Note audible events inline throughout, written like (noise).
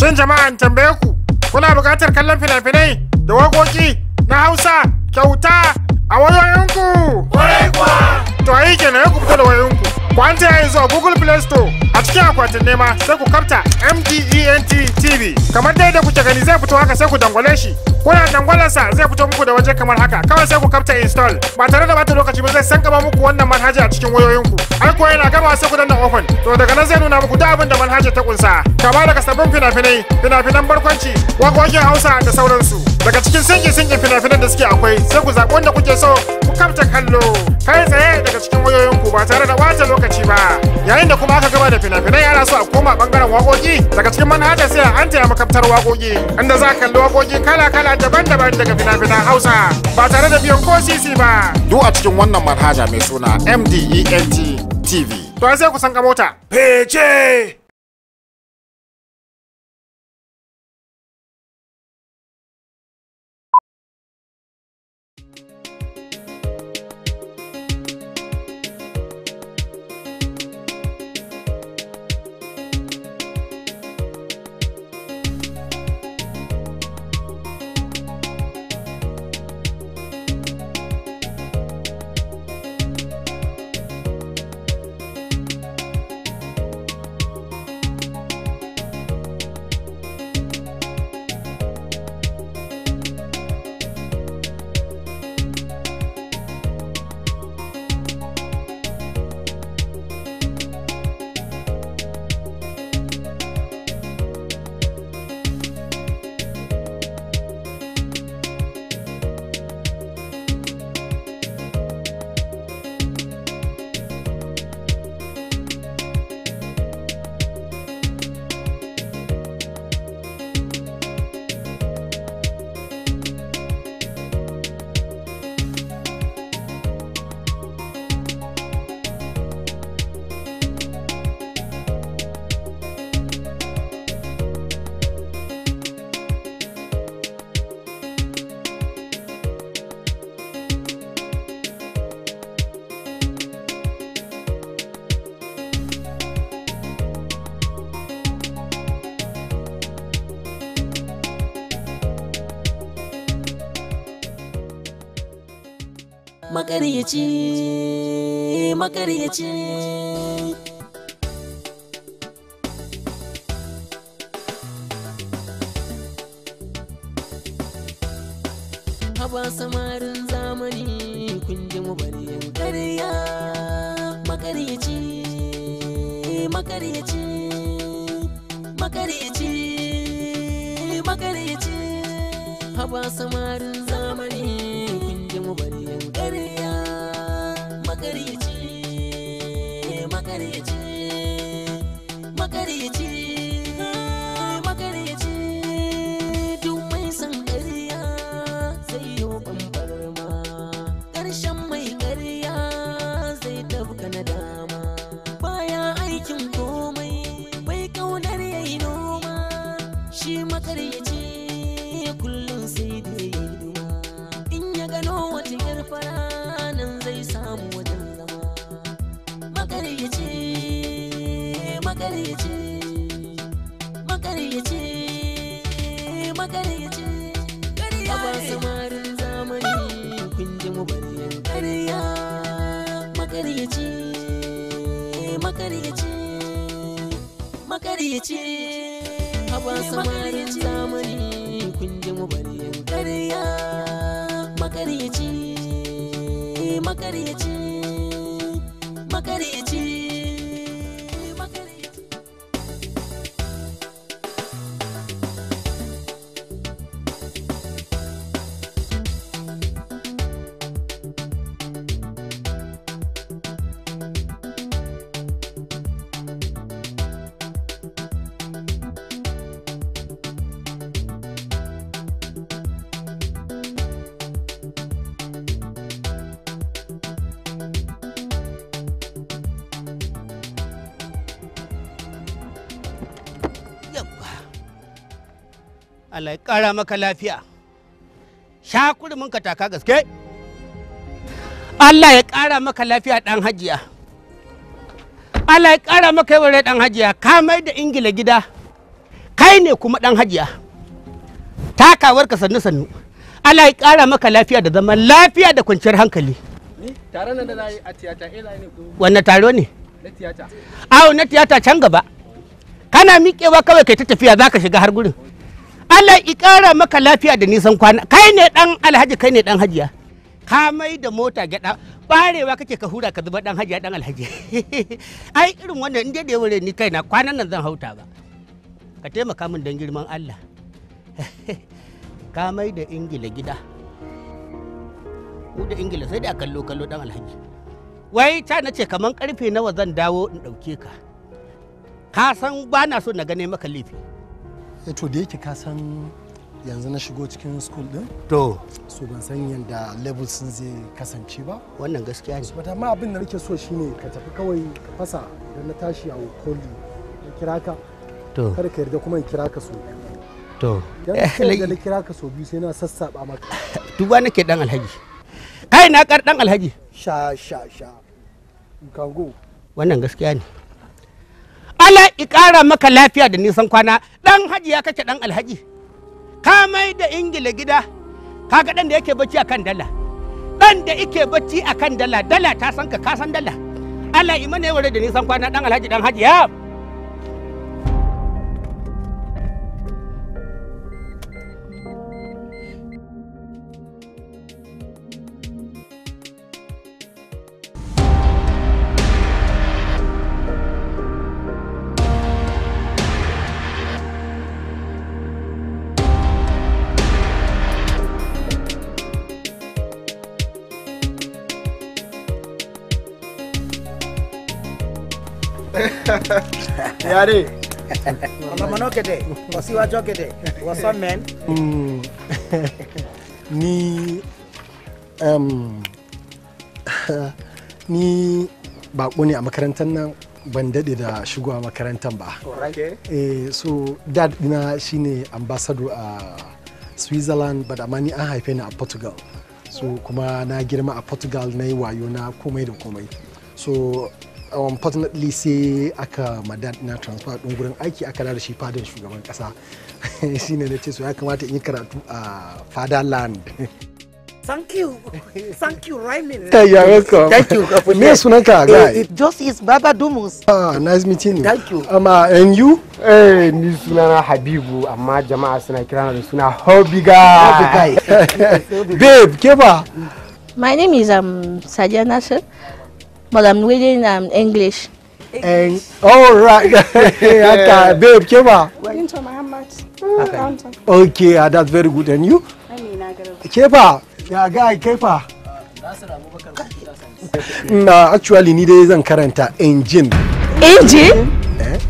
Shin jama'a in tambaye ku kuna buƙatar kallon fina-finai da waƙoƙi na Hausa kyauta a wayoyinku? Ƙwarai kuwa! To ayi kenan ya ku fito da wayoyinku. Ku ya ta yanzu a Google Play Store a cikin akwatin nema sai ku kafta MDENT TV. Kamar dai da kuke gani zai fito haka sai ku dangwale shi. Kuna dangwalarsa zai fito muku da waje kamar haka kawai sai ku kafta install ba tare da bata lokaci ba zai san gaba muku wannan manhaja a cikin wayoyinku. Ai kuwa yana gama sai ku danna open to daga nan zai nuna muku duk abin da manhaja ta kunsa. Kama daga sabbin fina-finai, fina-finan barkwanci, waƙoƙin Hausa da sauransu. daga cikin singin-singin fina-finan da suke akwai sai ku zaɓi wanda kuke so ku kamta kallo kai tsaye daga cikin wayoyin ku ba tare da wata lokaci ba yayin da kuma aka gaba da fina-finai ana so a koma bangaren wakoki daga cikin manhajar sai an taya makaftar wakoki inda za kalli wakoki kala-kala daban-daban daga fina-finan hausa ba tare da biyan ko sisi ba duk a cikin wannan manhaja mai suna mdent tv to sai ku san ka mota fece makaryaci makaryaci haba samarin zamani kun ji mu bari makaryaci makaryaci sama ce haba samarin zamani kun ji mu bari yin ƙarya makariyaci makariyaci Allah ya kara maka lafiya shakuri mun ka taka gaske Allah ya kara maka lafiya dan hajiya Allah ya kara maka yawan rai ɗan hajiya ka mai da ingila gida kai ne kuma dan hajiya takawar ka sannu sannu Allah ya kara maka lafiya da zaman lafiya da kwanciyar hankali tare nan da na yi a tiyata ne ko wanne taro ne na tiyata awo na tiyata can gaba kana miƙewa kawai kai ta tafiya zaka shiga har gurin Allah i kara maka lafiya da nisan kwana kai ne dan alhaji kai ne dan hajiya ka mai da mota gyada barewa kake ka hura ka zuba dan hajiya dan alhaji (laughs) ai irin wannan inde da yaware ni kaina kwanan nan zan hauta ba ka taimaka min dan girman Allah (laughs) ka mai da ingila gida ku da ingila sai da kallo kallo dan alhaji wai ta na ce kaman karfe nawa zan dawo in dauke ka ka san ba na so na gane maka laifi Eh, to da yake ka san yanzu na shigo cikin school din to so ban san yadda level sun zai kasance ba wannan gaskiya ne but amma abin da nake so shine ka tafi kawai ka fasa idan na tashi a call na kira ka to kar ka yarda kuma in kira ka so to eh, yanzu da kira ka so biyu sai na sassaba maka (laughs) duba nake dan alhaji kai na kar dan alhaji sha sha sha you go wannan gaskiya ne ala kara maka lafiya da nisan kwana ɗan hajiya kake dan alhaji ka mai da ingila gida kaga dan da yake bacci akan dala dan da yake bacci akan dala dala ta san ka san dala ala imane ware da nisan kwana dan alhaji dan hajiya. (laughs) kete kete mm. (laughs) ni um, (laughs) ni ne a makarantar nan ban daɗe da shigowa makarantar ba eh, so dad dina shine ambassador a switzerland but amma ni an haife ni a portugal so kuma na girma a portugal na yi wayo na komai da komai so unfortunately um, sai aka madad na transfer din gurin aiki aka da shi fadan shugaban kasa (laughs) shine na ce so ya kamata in yi karatu a fatherland (laughs) Thank you. Thank you, right me you're welcome. Thank you. (laughs) Me sunanka eh, ga It just is Baba Dumus. Ah, nice meeting you. Thank you. Um, uh, and you? Eh, ni sunana Habibu amma jama'a suna kira da suna Hobby guy. Babe, keba. My name is um Sajana Nasir. but I'm reading um, English. English. All oh, right. (laughs) (laughs) yeah. okay, babe, Keba. Binta Muhammad. Okay. okay, ah, that's very good. And you? Keba. Yeah, guy, Kepa. Na mm, ah, actually ni is zan current engine. Engine? Eh?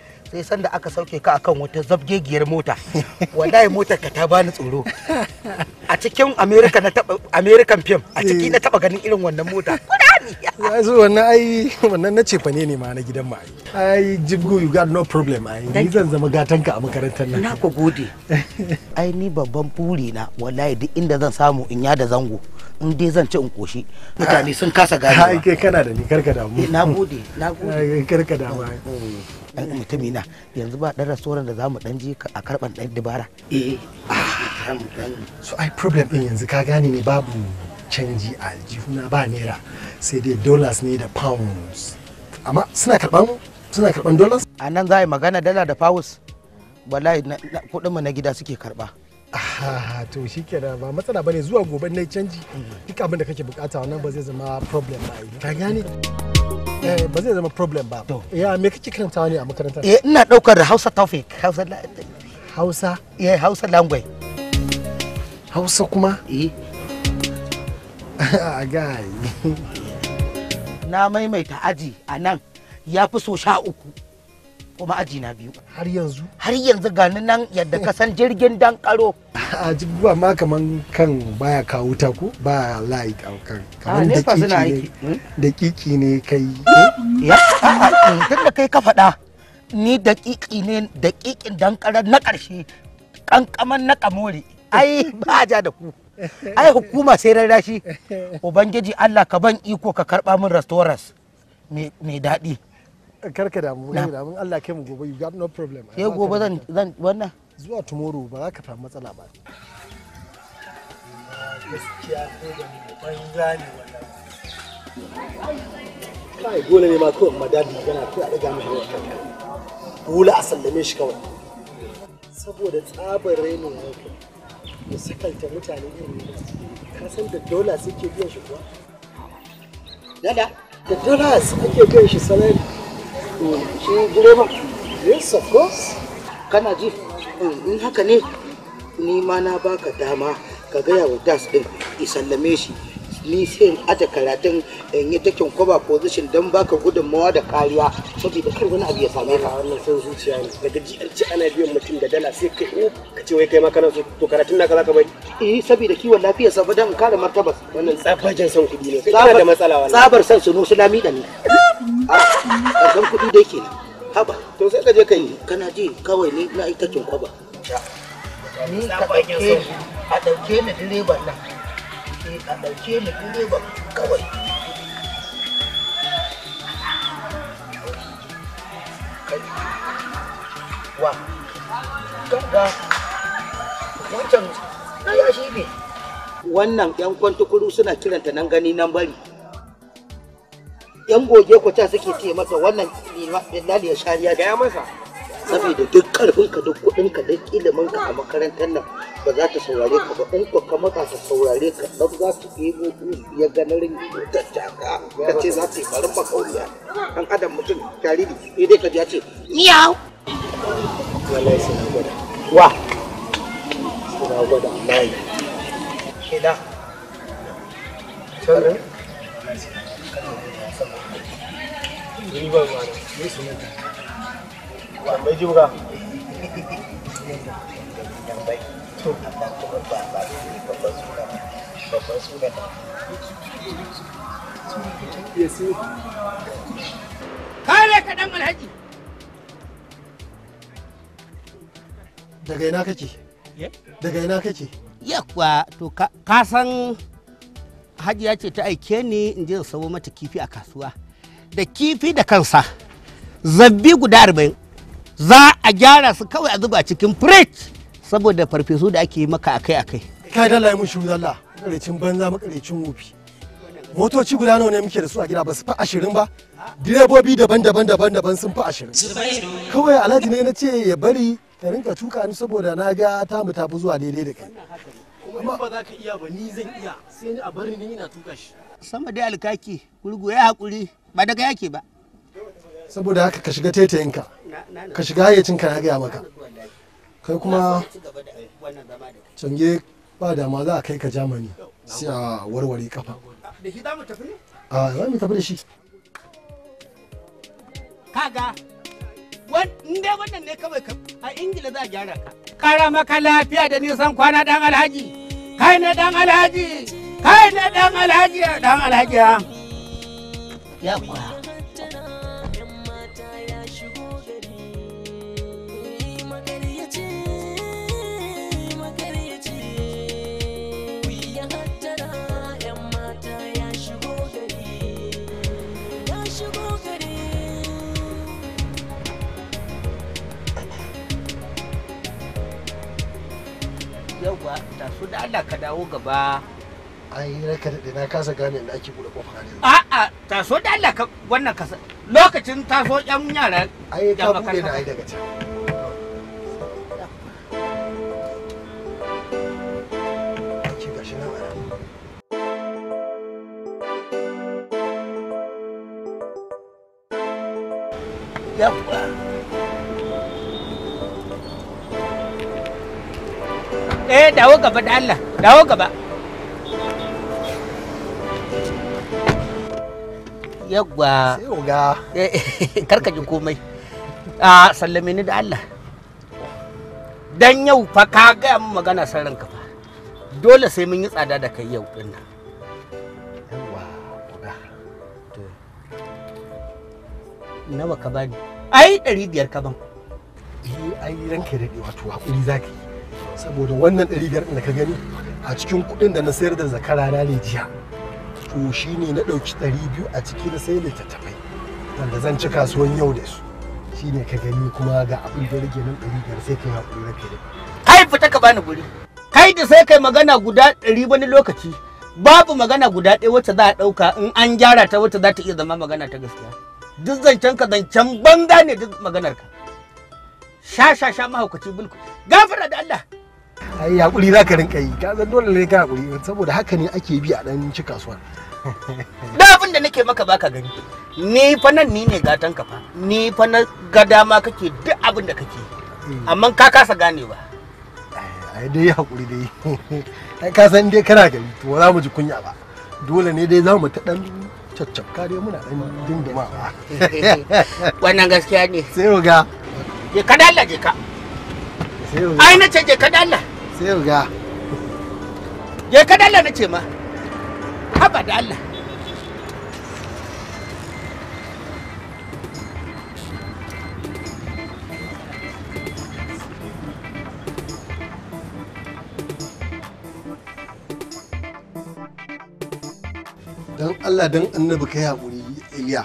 sai sanda aka sauke ka akan wata zabgegiyar mota (laughs) wallahi motar ka ta bani tsoro a cikin america na taba american film a ciki eh. na taba ganin irin wannan mota (laughs) yanzu wannan ai wannan na cefa ne ma na gidan ma ai jibgo you got no problem ai ni zan zama gatanka a makarantar nan na ku gode (laughs) ai ni babban buri na wallahi duk inda zan samu in ya da zango in dai zan ci in koshi mutane sun kasa gane ai kai kana da ni karka damu eh, na gode na gode karka damu dan mutumi na yanzu ba dan rasoran da zamu dan je a karban dan dubara eh ah, so i problem din yanzu ka gane ne babu canji a jihuna ba naira sai dai dollars ne da pounds amma suna karban suna karban dollars a nan za a yi magana dala da pounds wallahi mu na gida suke karba to shi kenan ba matsala bane zuwa gobe na canji duk abin da kake bukata wannan ba zai zama problem ba ka gane eh, ba zai zama problem ba ya me kake karantawa ne a makarantar eh ina daukar Hausa Tawfiq Hausa Hausa eh Hausa language Hausa kuma eh (laughs) gai na maimaita aji a nan ya fi so sha uku kuma aji na biyu har yanzu har yanzu gani nan yadda ka san jirgin dan karo (laughs) a jibuwa ma kaman kan baya kawo ta ko ba light a kan kaman ah, da kiki ne da kiki ne kai ya eh, tun da kai ka faɗa ni da kiki ne da kikin dan na ƙarshe kankaman na kamore ai ba ja da ku ai hukuma sai rarrashi (laughs) ubangiji Allah ka ban iko ka karba min restaurants mai daɗi Kar ka damu ya damu Allah kai mu gobe you got no problem ya gobe zan zan wannan zuwa tomorrow ba za ka samu matsala ba gaskiya ko da banza ne wannan kai dole ne ma kawai madadi magana kai a daga mishi wannan dole a sallame shi kawai saboda tsabar rainin wanka da sakalta mutane irin ka san da dola suke biyan shi kuwa dada da dola suke biyan shi salari shi direban yes of course kana ji eh, in haka ne ni ma na baka dama ka gaya wa das din isallame shi ni sai in aje karatun in yi takin kwaba position don baka gudunmawa da kariya saboda kar wani abu ya same ka wannan son zuciya ne daga GLC ana biyan mutum da dala sai kai ko ka ce wai kai ma kana so to karatun naka zaka bari eh saboda kiwon lafiya sa dan kare martabar. wannan tsabajen son kudi ne kai kana da matsala wannan tsabar son su nusu lami da ni ah, a san kudi da yake haba to sai ka je kai kana ji kawai ne na itakin kwaba ni a ɗauke ni direban nan ke kamarce mu direba kawai wa ganga wancan na ya shi ne wannan yan kwantukuru suna kiranta nan gani nan bari yan goge ku ta suke ce masa wannan lillahi ya shariya ga masa saboda duk ka duk ka duk ka a makarantar nan ba za ta saurare ka ba in ka maka ta saurare ka dan za ta ɗebo ya ganarin ta jaka ta ce za ta yi ba makauniya dan adam mutum jariri sai dai ka ji ya ce miyau wallahi sai na gwada wa sai na gwada wallahi kina sauran ni ba ma ne sunan ne bai ji buga kare ka dan alhaji daga ina kake daga ina kake yakwa to ka san hajiya ce ta aike ni in je sabo mata kifi a kasuwa da kifi da kansa zabbi guda arba'in za a gyara su kawai a zuba cikin fridge saboda farfesu da ake yi maka akai akai kai dala ya mushi dalla makarecin banza makarecin wofi motoci guda nawa ne muke da su a gida ba su fi ashirin ba direbobi daban-daban daban-daban sun fi ashirin kawai alhaji ne na ce ya bari ka rinka tuka ni saboda na ga ta mu tafi zuwa daidai da kai kuma ba za ka iya ba ni zan iya sai ni a bari ni ina tuka shi sama dai alkaki gurgu ya haƙuri ba daga yake ba saboda haka ka shiga taitayinka ka shiga hayyacin ka na gaya maka kai kuma canje ba dama za a kai ka jamani sai a warware kafa da shi za mu tafi ne a za mu tafi da shi kaga in wannan ne kawai a ingila za a gyara ka kara maka lafiya da nisan kwana dan alhaji kai ne dan alhaji kai ne dan alhaji dan alhaji ya kwa cewa taso da Allah ka dawo gaba ai raka daɗe na kasa gane da ake buɗe a ne a'a taso da Allah ka wannan kasa lokacin taso yan yara ai ka buɗe da ai daga can Yeah. eh dawo gaba da Allah dawo gaba yagwa eh, (laughs) karka ji komai a sallame ni da Allah dan yau fa ka ga mu magana san ranka fa dole sai mun yi tsada da kai yau din nan nawa ka bani ai biyar ka ban eh, ai ranka da wato hakuri zaki saboda wannan ɗari biyar da ka gani a cikin kuɗin da na sayar da zakara na ne jiya to shine na ɗauki ɗari biyu a ciki na sai littattafai wanda zan ci kasuwan yau da su shine ka gani kuma ga abin da rage nan ɗari biyar sai kai haƙuri na fere. kai fita ka bani guri kai da sai kai magana guda ɗari wani lokaci babu magana guda ɗaya wacce za a ɗauka in an gyara ta wacce za ta iya zama magana ta gaskiya duk zancen ka zancen banga ne duk maganar ka sha sha sha mahaukaci bulku gafara da Allah ai hakuri za ka rinka yi ka san dole ne ka hakuri saboda haka ne ake bi a dan ci kasuwa (laughs) da abin da nake maka baka gani ni fa nan ni ne gatan ka fa ni fa na ga dama kake duk abin da kake hmm. amma ka kasa gane ba ai dai hakuri dai (laughs) ai ka san dai kana gani to za mu ji kunya ba dole ne dai za mu ta dan caccabka dai muna dan dindimawa (laughs) wannan gaskiya ne sai ga je ka dalla je ka ai na ce je ka dalla sai ga ya ka dalla na ce ma haba da Allah don Allah don annabi kai haƙuri Iliya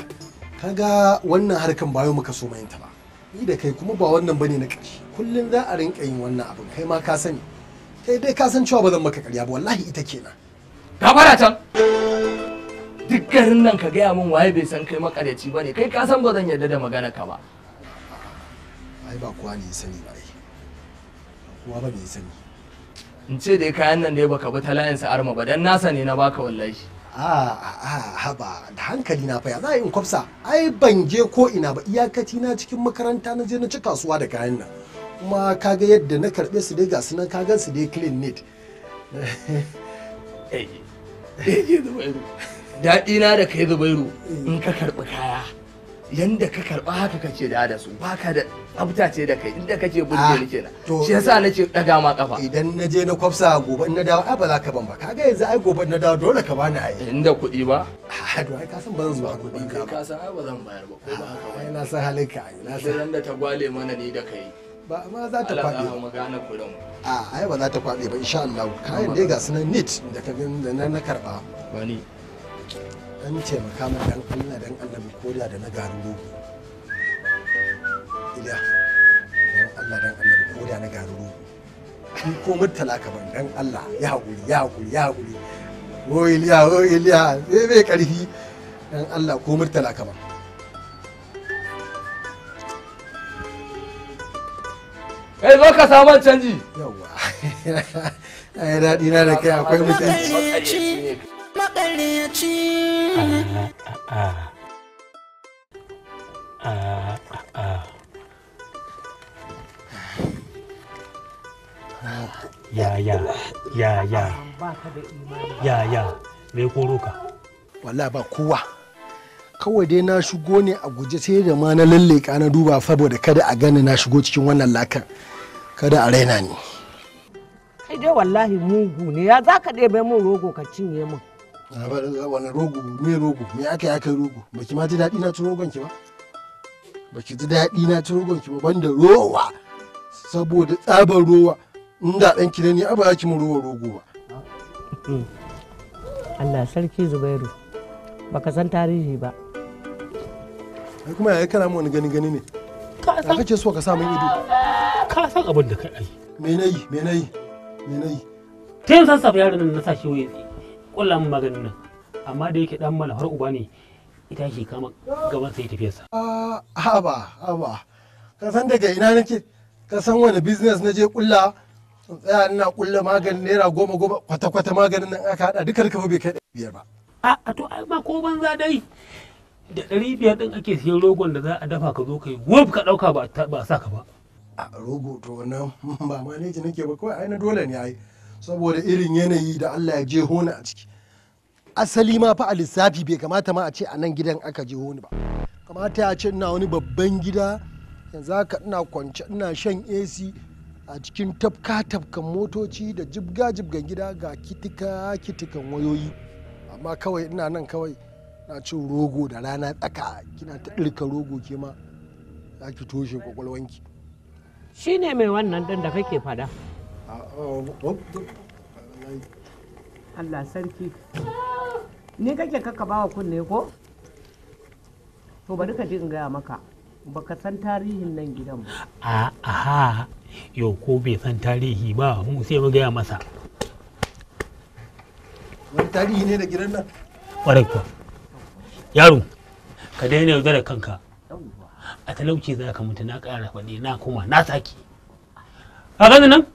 ga wannan harkan bayo muka so mayinta ba ni da kai kuma ba wannan bane na ƙarshe kullum za a rinka yin wannan abin kai ma ka sani kai dai kasan cewa ba zan maka ƙarya ba wallahi ita kenan fara can duk garin nan ka gaya min waye bai san kai makaryaci ba ne kai ka san ba zan yarda da magana ka ba ai ba kuwa ne sani ba ai kuwa ba ne sani in ce dai kayan nan dai baka bi ta layin sa arma ba dan nasa ne na baka wallahi a haba da hankali na fa ya za in kwafsa ai ban je ko ina ba iyakaci na cikin makaranta na je na ci kasuwa da kayan nan kuma kaga yadda na karɓe su dai ga su nan kagan su dai clean neat (laughs) eh. Eh, eh, daɗi na da kai zubairu in ka karɓi kaya yanda ka karɓa haka kake da da su baka da tsafta ce da kai inda kake burge ah, ni kenan shi yasa nace daga ma kafa idan na je na kwafsa gobe na dawo ai ba za ka ban ba kaga yanzu ai gobe na dawo dole ka bani ai inda kuɗi ba a ah, to ai ka san ba zuwa kuɗi ka ka san ai ba zan bayar ba ko ba haka wai na san ah, halinka ai na san yanda ta gwale mana ni da kai ba za ta kwaɗe a ai ba za ta ba insha Allah kayan dai ga sunan nit da ka gani da na karɓa An dan taimaka min dan Allah dan Allah mu koda da na garin rogo ila dan Allah dan Allah mu koda na garin rogo ki ko murtala ka ban dan Allah ya hakuri ya hakuri ya hakuri o iliya o iliya zai mai karfi dan Allah ko murtala ka ban kai eh, zo ka samu canji yawa (laughs) ai daɗi na da kai akwai mutunci makaryaci ya ya ya ya ya ya me koro ka wallahi ba kowa kawai dai na shigo ne a guje sai da ma na lalleka na duba saboda kada a gani na shigo cikin wannan lakan kada a raina ni kai dai wallahi mugu ne ya za ka ɗebe min rogo ka cinye min ba wani rogo me rogo me aka aka rogo ba ki ma ji daɗi na ci rogon ki ba ki ji daɗi na ci rogon ki ba banda rowa saboda tsabar rowa in da ɗan ki ne a ba ki mu rowa rogo ba hmm. Allah sarki Zubairu baka san tarihi ba ai kuma yaya kana wani gani gani ne ka san kake so ka sa min ido ka san abin da ka ai me nayi me nayi me nayi ta yin sassafa yaron nan na sa shi waye kullan maganin nan amma da yake dan mala har uba ne ita shi kama gaban sai sa a ah, haba haba ka san daga ina nake ka san wani business na je kulla tsaya ina kulla maganin naira goma goma kwata-kwata maganin nan aka hada duka duka bai kai biyar ba a to ai ba ko banza dai da ɗari biyar ɗin ake siyan rogon da za a dafa ka zo ka yi wuf ka ɗauka ba a sa ka ba. a rogo to wannan (laughs) ba ma ne nake ba kawai ai dole ne ai saboda irin yanayi da Allah ya je hona a ciki asali ma fa a lissafi bai kamata ma a ce a nan gidan aka je hona ba kamata ya ce ina wani babban gida yanzu haka ina kwance ina shan AC a cikin tafka tafkan motoci da jibga jibgan gida ga kitika kitikan wayoyi amma kawai ina nan kawai na cin rogo da rana tsaka kina ta ɗirka rogo ke ma za ki toshe kwakwalwanki shi ne mai wannan ɗin da kake fada Allah sarki ni kake kaka bawa kunne ko to bari ka ji in gaya maka baka san tarihin nan gidan ba a ha yau ko bai san tarihi ba mu sai mu gaya masa wani tarihi ne da gidan nan ƙwarai yaro ka daina da kanka a talauci za ka mutu na ƙara faɗi na kuma na sake a ganin nan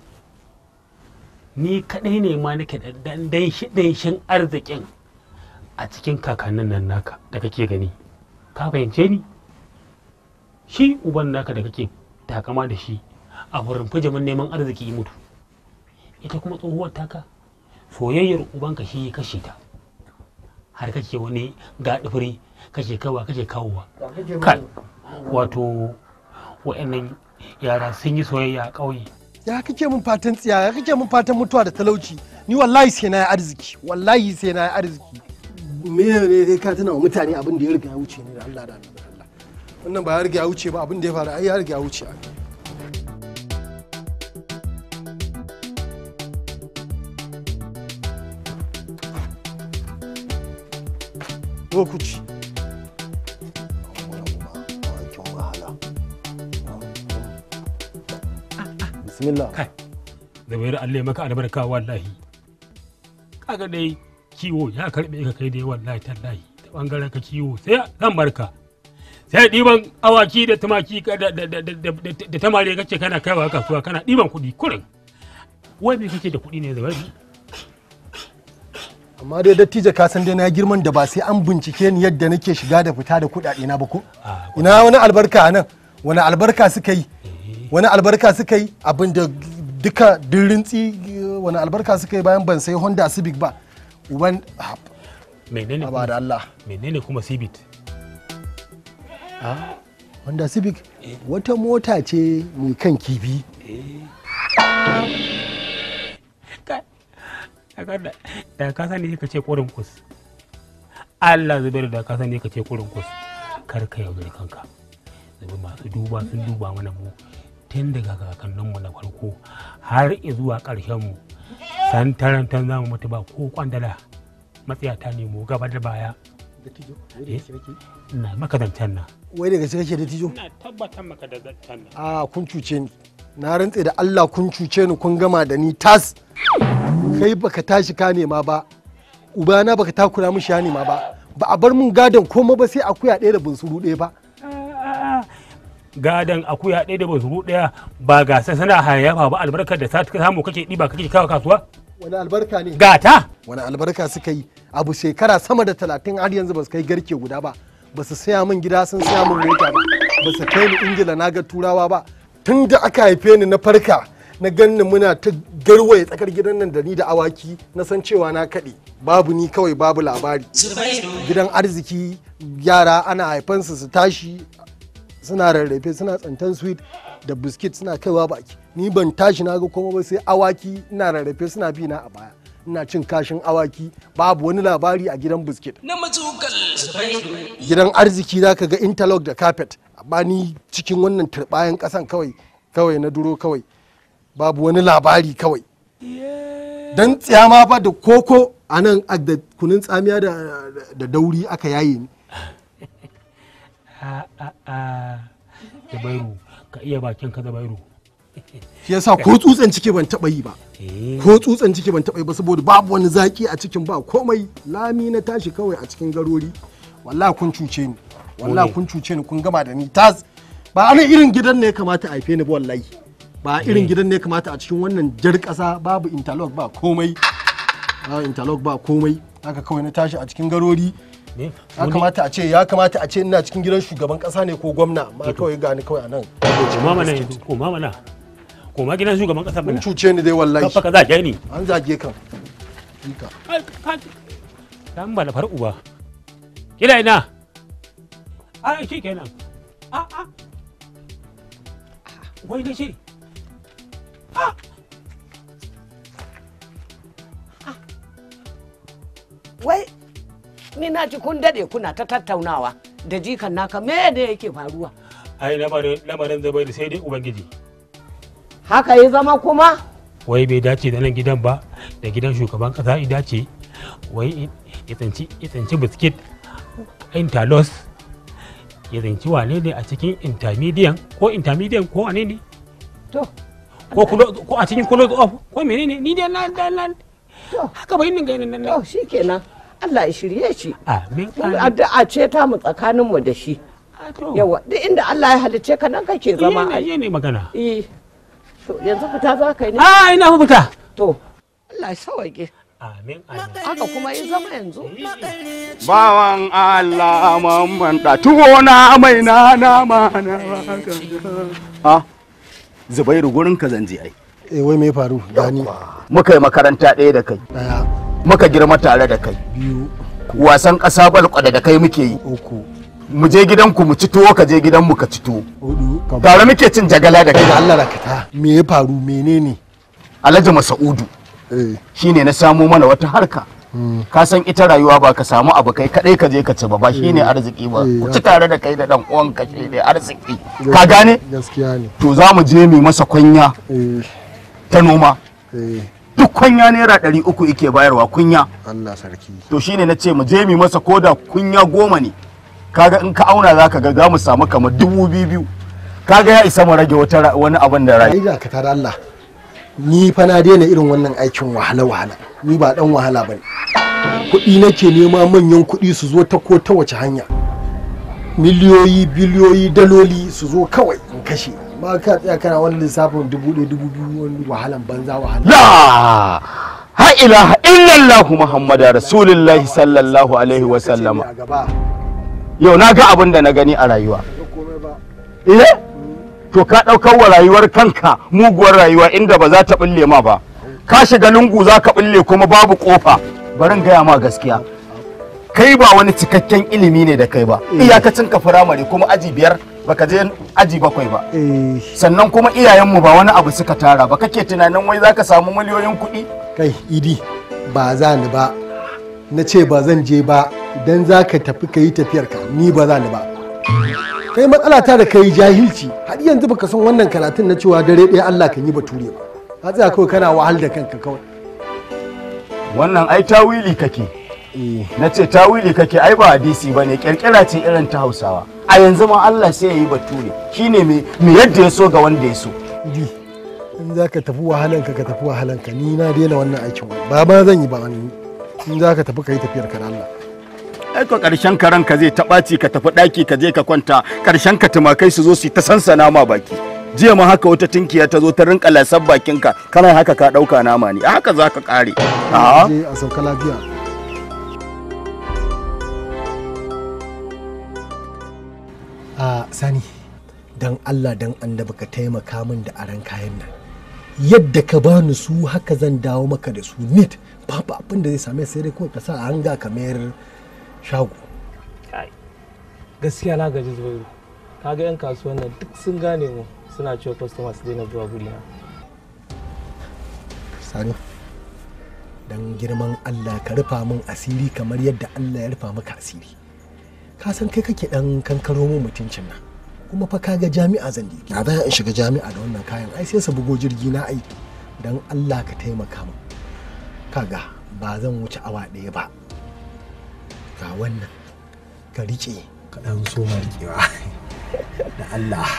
ni kaɗai ne ma nake danshin arzikin a cikin kakannin nan naka da kake gani ka fahimce ni shi uban naka da kake takama da shi a wurin fujimin neman arziki mutu ita kuma tsohuwar taka soyayyar ubanka shi kashe ta har kake wani gaɗuri kake kawa kake kawowa kan wato wa'annan yara sun yi soyayya a ƙauye ya kake mun fatan tsiya ya kake mun fatan mutuwa da talauci ni wallahi sai na yi arziki wallahi sai na yi arziki me ne dai ka tana wa mutane abin da ya riga ya wuce ne da Allah da Allah wannan ba ya riga ya wuce ba abin da ya faru ai ya riga ya wuce kai lokaci bismillah kai da bayar Allah maka albarka wallahi kaga dai kiwo ya karbe ka kai dai wallahi tallahi ta bangaren ka kiwo sai zan barka sai diban awaki da tumaki da tamare kake kana kaiwa kasuwa kana diban kuɗi kurin wai me kake da kuɗi ne zababi amma dai dattijo ka san dai na girman da ba sai an bincike ni yadda nake shiga da fita da kudade na ba ko ah, ina wani albarka nan wani albarka suka yi eh. wani albarka suka yi abin da duka dirintsi wani albarka suka yi bayan ban sai honda civic ba uban menene ba da Allah menene kuma civic honda civic eh. wata mota ce mai kan kibi eh. da ka sani ka ce kurin kus Allah zubairu da ka sani ka ce kurin kus kar ka yaudar kanka zubi masu duba sun duba mana mu tun daga mu na farko har zuwa mu, san tarantan zamu mutu ba ko kwandala matsiya ta nemo gaba da baya na makadantar na wai daga eh, sai kake da tijo na tabbatar maka da zantar na a ah, kun cuce ni na rantse da Allah kun cuce ni kun gama da ni tas kai baka tashi ka nema ba ubana baka takura mishi ya nema ba ba a bar mun gadon koma ba sai akuya ɗaya da bunsuru ɗaya ba gadon akuya ɗaya da bunsuru ɗaya ba sai sana hayayyafa ba albarkar da ta samu kake ɗiba kake kawo kasuwa wani albarka ne gata wani albarka suka yi abu shekara sama da talatin har yanzu ba su kai garke guda ba ba su saya min gida sun saya min mota ba ba su kai ni ingila na ga turawa ba tun da aka haife ni na farka na ganni muna ta garwaye tsakar gidan nan da ni da awaki na san cewa na kaɗe babu ni kawai babu labari gidan arziki yara ana haifansu su tashi suna rarrafe suna tsantan sweet da biskit suna kaiwa baki ni ban tashi na ga kuma ba sai awaki ina rarrafe suna bi na a baya ina cin kashin awaki babu wani labari a gidan biskit gidan arziki zaka ga interlock da carpet ni cikin wannan turbayan kasan kawai kawai na duro kawai babu wani labari kawai don tsiyama ba da koko a nan da kunin tsamiya da dauri aka yaye ni Zabairu (laughs) ka iya bakin ka bayro shi yasa ko tsutsan ciki ban taba yi ba eh. ko tsutsan ciki ban taba yi ba saboda babu wani zaki a cikin ba komai lami na tashi kawai a cikin garori wallahi kun cuce ni wallahi kun cuce ni kun gama da ni tas ba ana irin gidan ne ya kamata a haife ni ba wallahi ba irin eh. gidan ne ya kamata a cikin wannan jar kasa babu interlock ba komai ba interlock ba komai haka kawai na tashi a cikin garori ya kamata a ce ya kamata a ce ina cikin gidan shugaban kasa ne ko gwamna ma kawai ga ni kawai anan. kuma mana koma mana koma gidan shugaban kasa mana cuce ni dai wallahi kafa ka zage ni an zage kan ka ka ba da faru ba kila ina a shi kenan a a wai na shi a ni na ji kun daɗe kuna ta tattaunawa da jikan naka me da yake faruwa ai lamarin zai bai sai dai ubangiji haka ya zama kuma wai bai dace da nan gidan ba da gidan shugaban kasa ya dace wai ya biskit in talos ya zanci wane ne a cikin intermediate ko intermediate ko wane ne to ko ko a cikin close of ko menene ni dai na na na haka bai ninga nan to shikenan Allah ya shirye shi amin a ce ta mu tsakanin mu da shi yawa duk inda Allah ya halice ka nan kake zama a ne magana eh to yanzu fita za ka yi ne a ah, ina fita to Allah ya sauke Haka kuma ya zama yanzu. Bawan Allah mamman da tuwo na mai na nama na Ha? Ah, Zubairu gurin ka zanje ai. Eh wai me faru gani? Muka yi makaranta ɗaya da kai. Ɗaya. Muka girma tare da kai. Biyu. Wasan ƙasa balkwada da kai muke yi. Uku. Mu je gidan ku mu ci tuwo ka je gidan mu ka ci tuwo. Hudu. Tare muke cin jagala da kai. Allah rakata. Me ya faru menene? Alhaji Masa'udu. Eh. shine na samo mana wata harka hmm. ka san ita rayuwa ba ka samu abu kai kadai ka je ka ci ba ba shine hmm. arziki ba eh, ku ci tare da kai da dan uwan ka shine arziki ka gane gaskiya ne to za mu je mu masa kunya eh. ta noma duk kunya naira ɗari uku yake bayarwa kunya Allah sarki to shine na ce mu je mu masa koda kunya goma ne kaga in ka auna zaka ga za mu samu kamar dubu biyu kaga ya isa mu rage wata wani abin da rayu ka da Allah ni fa na daina irin wannan aikin wahala wahala ni ba dan wahala ba bane kuɗi nake nema manyan kuɗi su zo ta ko ta wace hanya miliyoyi biliyoyi daloli su zo kawai in kashe ba ka tsaya kana wani lissafin dubu ɗaya dubu biyu wani wahalan banza wahala la ha ilaha illallah muhammadu rasulullahi sallallahu alaihi wa sallama yau na ga abin da na gani a rayuwa eh to ka ɗaukar wa rayuwar kanka muguwar rayuwa inda ba za ta ɓulle ma ba ka shiga lungu za ka ɓulle kuma babu ƙofa barin gaya ma gaskiya kai ba wani cikakken ilimi ne da kai ba eh. iyakacin ka firamare kuma aji biyar baka je aji bakwai ba eh. sannan kuma iyayenmu ba wani abu suka tara ba kake tunanin wai zaka samu miliyoyin kuɗi kai idi ba za ni ba na ce ba zan je ba idan zaka tafi ka yi tafiyarka ni ba za ni ba kai matsala ta da kai jahilci har yanzu baka san wannan karatun na cewa dare ɗaya Allah kan yi bature ba ka tsaya kawai kana wahal da kanka kawai wannan ai tawili kake eh. na ce tawili kake ai ba hadisi ba ne kirkira ce irin ta hausawa a yanzu ma Allah sai ya yi bature shine me yadda ya so ga wanda ya so in za ka tafi wahalanka ka tafi wahalanka ni na daina wannan aikin ba ba zan yi ba wani in za ka tafi ka yi tafiyar ka da Allah aiko karshen karen ka zai tabaci ka tafi ɗaki ka je ka kwanta karshen ka tumakai su zo su ta sansana ma baki jiya ma haka wata tinkiya ta zo ta rinka lasar ka kana haka ka ɗauka nama ne haka za ka ƙare a sani don allah don annabi ka taimaka min da aran kayan nan yadda ka bani su haka zan dawo maka da su nit babu abin da zai same sai dai kawai ka sa hanga ka mayar shago gaskiya na gaji zubairu kaga yan kasuwan nan duk sun gane mu suna cewa customers dai daina zuwa guri na sani dan girman Allah ka rufa mun asiri kamar yadda Allah ya rufa maka asiri ka san kai kake dan kankaro mu mutuncin nan kuma fa kaga jami'a zan je na da in shiga jami'a da wannan kayan ai sai su bugo jirgi na ai dan Allah ka taimaka min kaga ba zan wuce awa ɗaya ba ga wannan ka rike ka dan so ma da Allah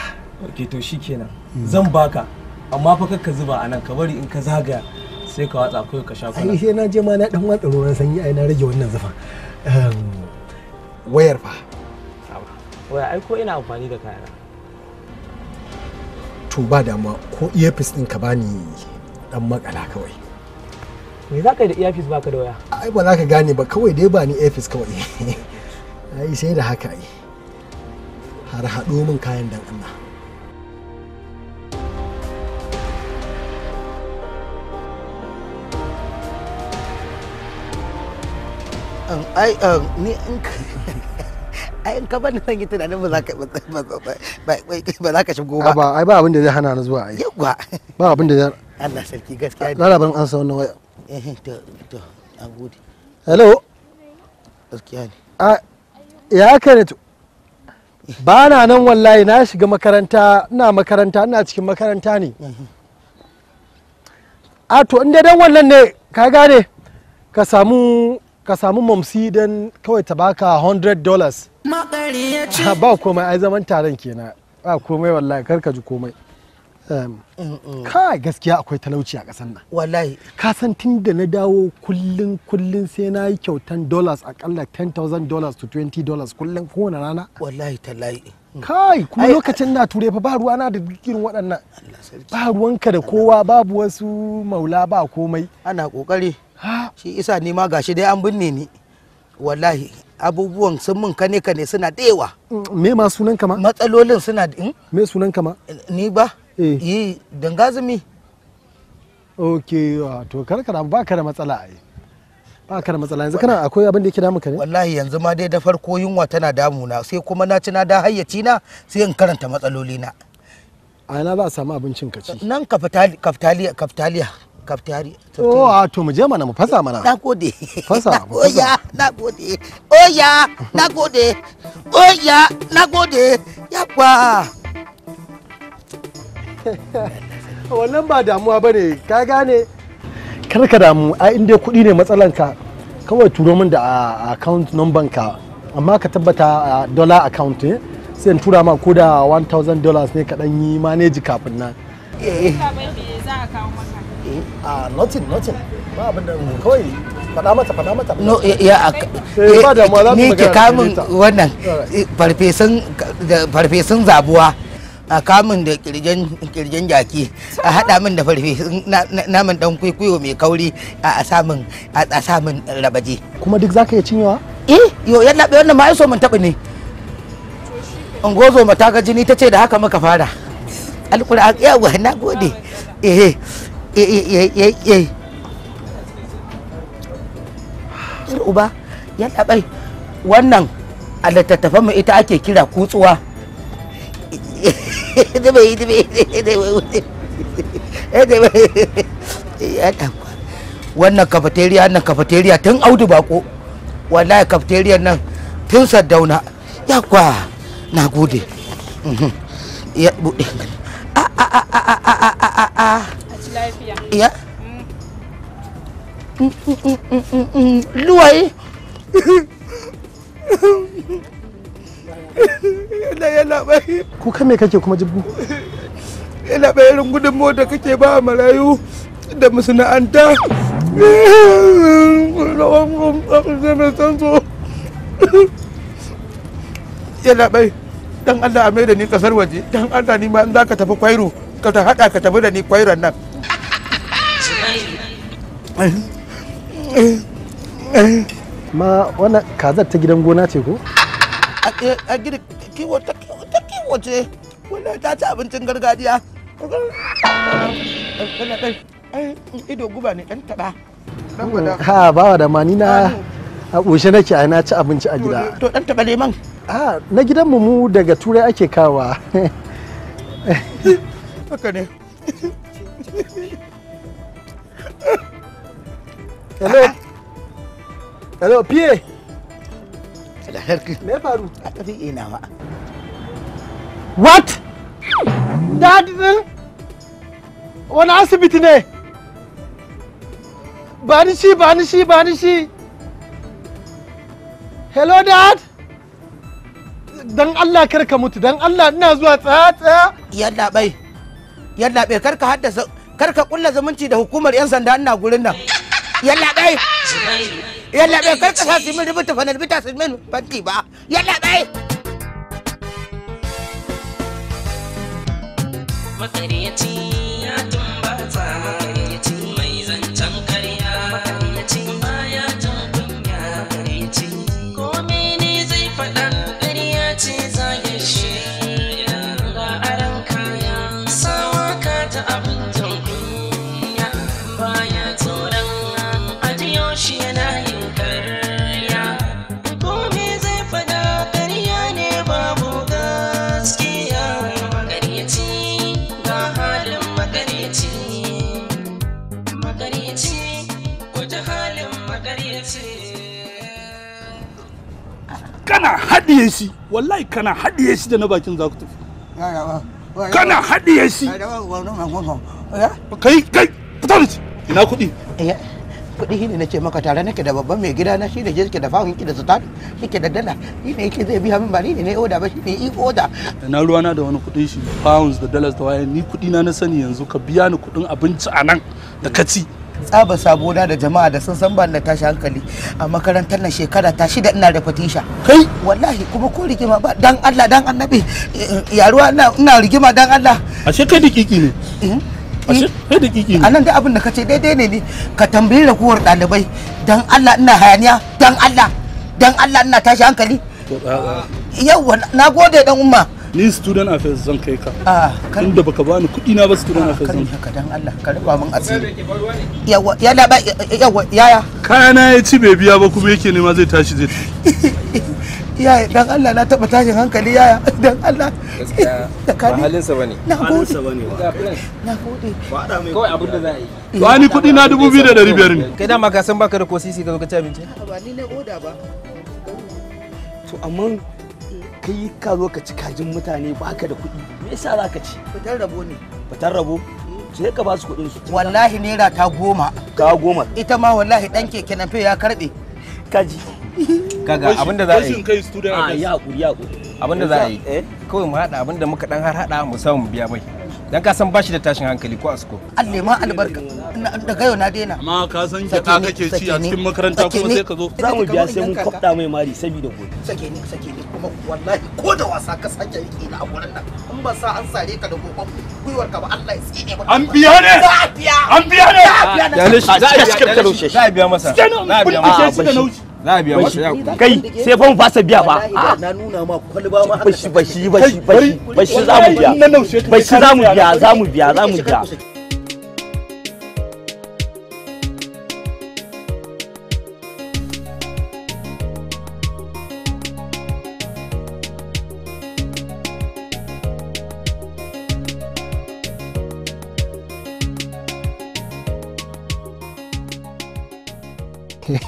ke to shi kenan zan baka amma fa ka zuba a nan ka bari in ka zagaya sai ka watsa kawai ka sha kwana ai sai na je ma na dan watsa ruwan sanyi ai na rage wannan zufa ehm, wayar fa waya ai ko ina amfani da kayana to ba ma ko earpiece din ka bani dan makala kawai me za ka yi da earpiece baka da waya ai ba za ka gane ba kawai dai ba ni earpiece kawai (laughs) ai sai da haka ai har haɗo min kayan dan Allah ai ni in (laughs) ai in ka bani san yi tunanin ba za ka ba ba ba za ka shigo ba ba ai ba abin da zai hana ni zuwa ai yawa ba abin da zai (laughs) Allah sarki gaskiya lalaban an sa wannan waya eh to to agode hello gaskiya ne a ya haka ne to ba na nan wallahi na shiga makaranta ina makaranta ina cikin makaranta ne mhm. a to inda dan wannan ne ka gane ka samu ka samu mamsi don kawai ta baka 100 dollars (laughs) ba komai ai zaman taron kenan ba komai wallahi kar ka ji komai Um, kai gaskiya akwai talauci a ƙasar nan wallahi ka san tun da na dawo kullun kullun sai na yi kyautan dollars akalla 10000 dollars to 20 dollars kullun kowane rana wallahi tallahi mm. kai kuma lokacin na ture fa ba ruwa na da irin waɗannan ba ruwanka da kowa babu wasu maula ba komai ana kokari shi isa ne ma gashi dai an binne ni wallahi abubuwan sun mun kane kane suna daewa mm, me ma sunan kama matsalolin suna hmm? me sunan kama ni ba eh dangazumi ok ah, to karkara ba ka da matsala ai ba ka da matsala yanzu kana akwai abin da yake damu ka ne wallahi yanzu ma dai da farko yunwa tana damuna sai kuma na ci na da hayyaci na sai in karanta matsaloli na a yana za a samu abincin ka ci nan kaftaliya kaftaliya kaftaliya. oh a ah, to mu je mana mu fasa mana na gode fasa (laughs) mu fasa na gode oya na gode oya na gode Yabba. (laughs) wannan ba damuwa ba ne ka gane kar ka damu a inda kuɗi ne matsalanka kawai turo min da account number ka amma ka tabbata dollar account ne sai in tura ma ko da 1000 dollars ne ka yi manage kafin nan eh ah nothing nothing ba abin da kawai fada mata fada mata no eh, ya eh, ni ke kamun wannan farfesun zabuwa a kamun da kirjen jaki a haɗa min da farfe namun dan kwaikwayo mai kauri a samun rabaje kuma duk zaka iya cinyewa eh yo yan wannan ma so mun taɓa ne ungozo mata ga jini ce da haka muka fara alƙur'an yawa na gode eh eh eh eh, eh, eh, eh. wannan a littattafan mu ita ake kira kutsuwa dame wannan cafeteria nan cafeteria tun audu bako wallahi cafeteria nan tun saddauna ya kwa na gode ya bude a a a a a a a a a ya luwai Ina yana bai. Kuka me kake kuma jibbu? Ina bai irin gudunmawar da kake ba marayu da masana'anta. Yana bai. Dan Allah a mai da ni kasar waje. Dan Allah ni ma in za ka tafi kwairo. Ka ta haɗa ka tafi da ni kwairon nan. Ma wannan kazar ta gidan gona ce ko? a gida kiwo ta kiwo ce wannan ta ci abincin gargajiya ido guba ne ɗan taba ha bawa da mani na a ƙoshe nake ai na ci abinci a gida to dan taba leman a na gidan mu daga turai ake kawa haka ne hello hello pie da harki me faru a tafi ina ba what dadi din wani asibiti ne ba ni shi ba ni shi ba ni shi hello dad dan Allah kar ka mutu dan Allah ina zuwa tsaya tsaya yalla bai yalla bai kar ka haddasa kar ka kulla zumunci da hukumar yan sanda ina gurin nan yalla bai yalla bai kar ka sasu min rubuta fanar bita su min fanti ba yalla bai makaryaci haɗiye shi wallahi kana haɗiye shi da na bakin za ku tafi kana haɗiye shi kai kai fita da shi ina kuɗi eh, kuɗi shi ne na ce maka tare nake da babban mai gida na shi ne je da fahun ki da su tare yake da dala shi ne yake zai biya min ba ne ne oda ba shi ne i oda na ruwana da wani kuɗin shi pounds da dollars da waye ni kuɗi na na sani yanzu ka biya ni kuɗin abinci a nan da kaci. tsaba sabona da jama'a da sun san ban da tashi hankali a makarantar na shekara ta shida ina da fatisha kai wallahi kuma ko rigima ba dan Allah dan annabi yaruwa ina ina rigima dan Allah ashe kai dakiki ne eh, ashe eh. kai dakiki ne anan da abin da kace daidai ne ne ka tambayi raguwar dalibai dan Allah ina hayaniya dan Allah dan Allah ina tashi hankali yauwa gode dan umma ni student affairs zan kai ka ah, tun da baka bani kuɗi na ba student ah, affairs zan haka ka dan Allah ka riba min asiri yawa ya ba yawa yaya kana ya ci bai biya ba kuma yake nema zai tashi zai (laughs) yaya dan Allah na taba tashin hankali yaya dan Allah (laughs) ba sa bane na gode na gode kawai abin da za a yi to ani kuɗi na dubu biyu da biyar ne kai ma ka san baka da ko sisi ka zo ka ci abinci ba ni na oda ba to amma kai ka zo ka ci kajin mutane baka da kuɗi me yasa za ka ci fitar rabo ne fitar rabo eh. sai ka ba su kuɗin su wallahi naira ta goma ka goma ita ma wallahi dan keke na ya karbe kaji kaga abinda za a yi kai student ah, ya kuri ya hakuri abinda za a yi eh? kawai mu hada abinda muka dan har hada mu samu biya mai dan ka san bashi da tashin hankali ko asko Allah ma albarka daga yau na daina amma ka san ka ta kake ci a cikin makaranta kuma sai ka zo za mu biya sai mun kwafta mai mari saboda gobe sake ni sake ni kuma wallahi ko da wasa ka sake rike ni a gurin nan in ba sa an sare ka da gobe gwiwar ka ba Allah ya tsine ba an biya ne za a biya an biya ne za a biya za a biya masa za a biya masa za a biya masa ya kai sai fa mu fasa biya ba ah. na nuna ma kwalba ma bashi bashi bashi bashi bashi za mu biya bashi za mu biya za mu biya za mu biya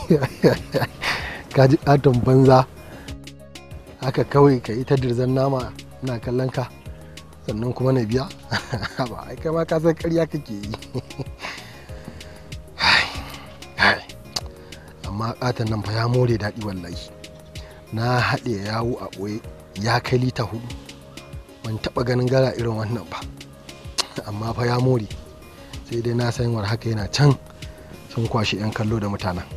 yeah, yeah. ka ji katon banza haka kawai ka yi ta dirzan nama na kallon ka sannan kuma na biya (laughs) ba ai kai ma ka san ƙarya kake yi (laughs) amma katon nan fa ya more daɗi wallahi na haɗe yawo a ɓoye ya kai lita hudu ban taɓa ganin gara irin wannan ba (tsk) amma fa ya more sai dai na san haka yana can sun kwashe 'yan kallo da mutanen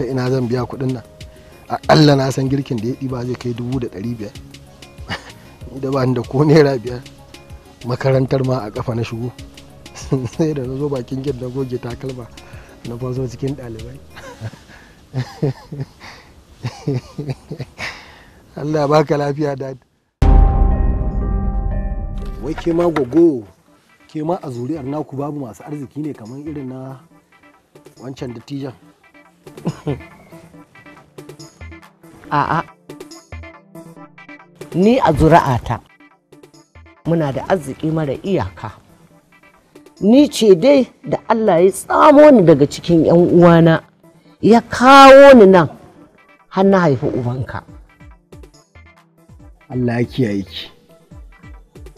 ta ina zan biya kuɗin nan aƙalla na san girkin da ya ɗiba zai kai dubu da ɗari biyar da ba da ko naira biyar makarantar ma a ƙafa na shigo (laughs) sai da na zo bakin gid na goge takalma na faso cikin ɗalibai (laughs) Allah ba ka lafiya dad wai ke ma gogo ke ma a zuri'ar naku babu masu arziki ne kamar irin na wancan dattijan (laughs) A'a, ni a ta. muna da arziki mara iyaka. Ni ce dai da Allah ya tsamo ni daga cikin 'yan uwana ya kawo ni nan har na haifi ubanka. Allah ya kiyaye ki.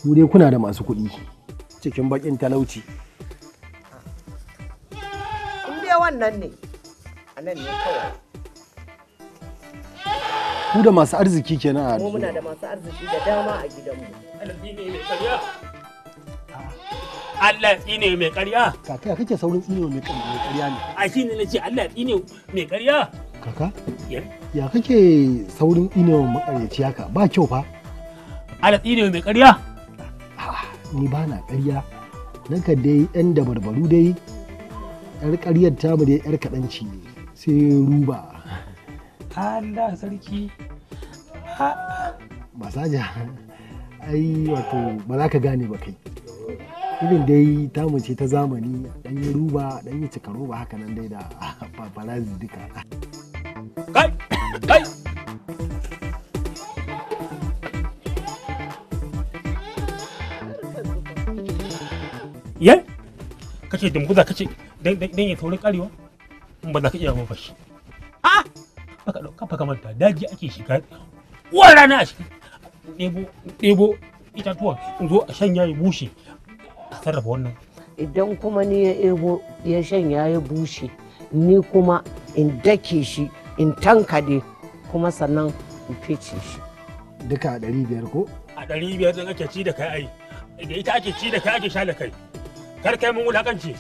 Ku dai kuna da masu kuɗi cikin baƙin talauci. In dai wannan ne. a nan ne kawai ku da masu arziki kenan a muna da masu arziki da dama a gidanmu Allah tsine mai ƙarya. Kaka ya kake saurin tsine mai ƙarya ne? A shi ne na ce Allah tsine mai ƙarya. Kaka? Ya kake saurin tsine mai makaryaci haka ba kyau fa? Allah tsine mai ƙarya. Ah, ni ba na ƙarya. Naka dai ɗan dabarbaru dai 'yar ƙaryar tamu dai 'yar kaɗanci ne. sai ruba Allah sarki ah, masaja ai wato ba za ka gane ba kai irin dai tamu ce ta zamani dan yi ruba dan yi cikaro ba haka nan dai da (laughs) paparazzi duka kai kai ye kace dumbuza kace dan dan ya saurin karewa ba za ka iya ba fashi a baka ɗauka baka manta daji ake shiga uwar rana a ciki ɗebo ɗebo itatuwa in zo a shanya ya bushe a sarrafa wannan idan kuma ni ya ɗebo ya shanya ya bushe ni kuma in dake shi in tankade kuma sannan in fice shi duka a ɗari biyar ko a ɗari biyar ɗin ake ci da kai ai da ita ake ci da kai ake sha da kai kar kai mun wulakanci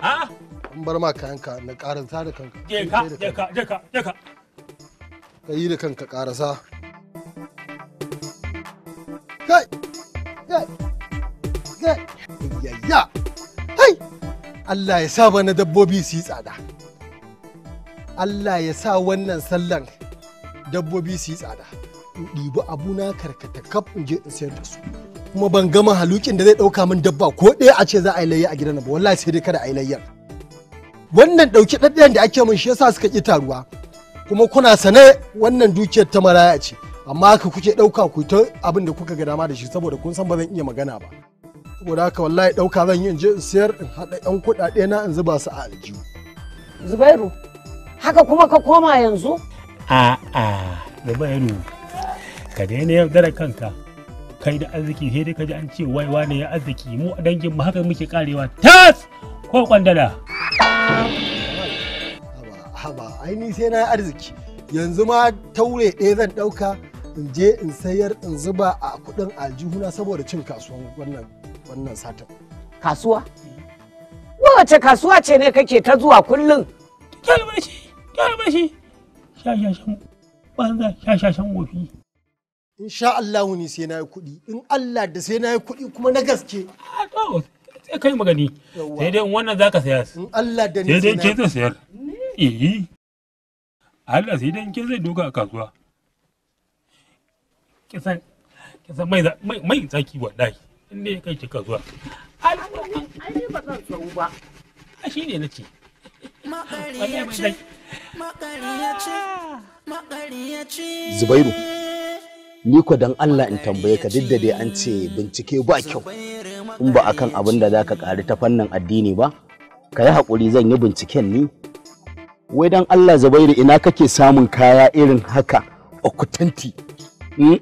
a'a an bar ma kayanka na karanta da kanka je ka je ka je ka je ka ka yi da kanka karasa kai kai kai ya hai Allah ya sa bana dabbobi su yi tsada Allah ya sa wannan sallan dabbobi su yi tsada in ɗibi abuna karkata kaf in je in sayar da su kuma ban gama halukin da zai ɗauka min dabba ko ɗaya a ce za a yi layya a gidan ba wallahi sai dai kada a yi layyar. wannan ɗauki ɗaɗɗayan da ake mun shi yasa suka ƙi taruwa kuma kuna sane wannan dukiyar ta maraya ce amma haka kuke ɗauka ku ta abin da kuka ga dama da shi saboda kun san ba zan iya magana ba saboda haka wallahi ɗauka zan yi in je in siyar in haɗa ƴan kuɗaɗe na in zuba su a aljihu. Zubairu haka kuma ka koma yanzu? A'a Zubairu ka daina yaudara kanka kai da arziki sai dai ka ji an ce wai wane ya arziki mu a dangin mu haka muke karewa tas ko kwandala haba haba, aini sai na arziki yanzu ma taure ɗaya zan ɗauka in je in sayar in zuba a kuɗin aljihuna saboda cin kasuwan wannan wannan satan. kasuwa wace kasuwa ce ne kake ta zuwa kullum kyalmashi kyalmashi shashashan banza shashashan wofi in sha Allah wuni sai na yi kuɗi in Allah da sai na yi kuɗi kuma na gaske A ah, sai kai magani sai dai wannan zaka saya Allah da ni sai dai ke zai sayar eh Allah sai dai kin zai doka a kasuwa kisan kisan mai mai mai zaki wallahi in kai ki kasuwa ai ba zan ba a shine nace Zubairu ni ko don Allah in tambaye ka duk da dai an ce bincike ba kyau in ba akan abin da za ka ƙari ta fannin addini ba ka yi haƙuri zan yi binciken ni wai dan Allah Zubairu ina kake samun kaya irin haka okutanti hmm?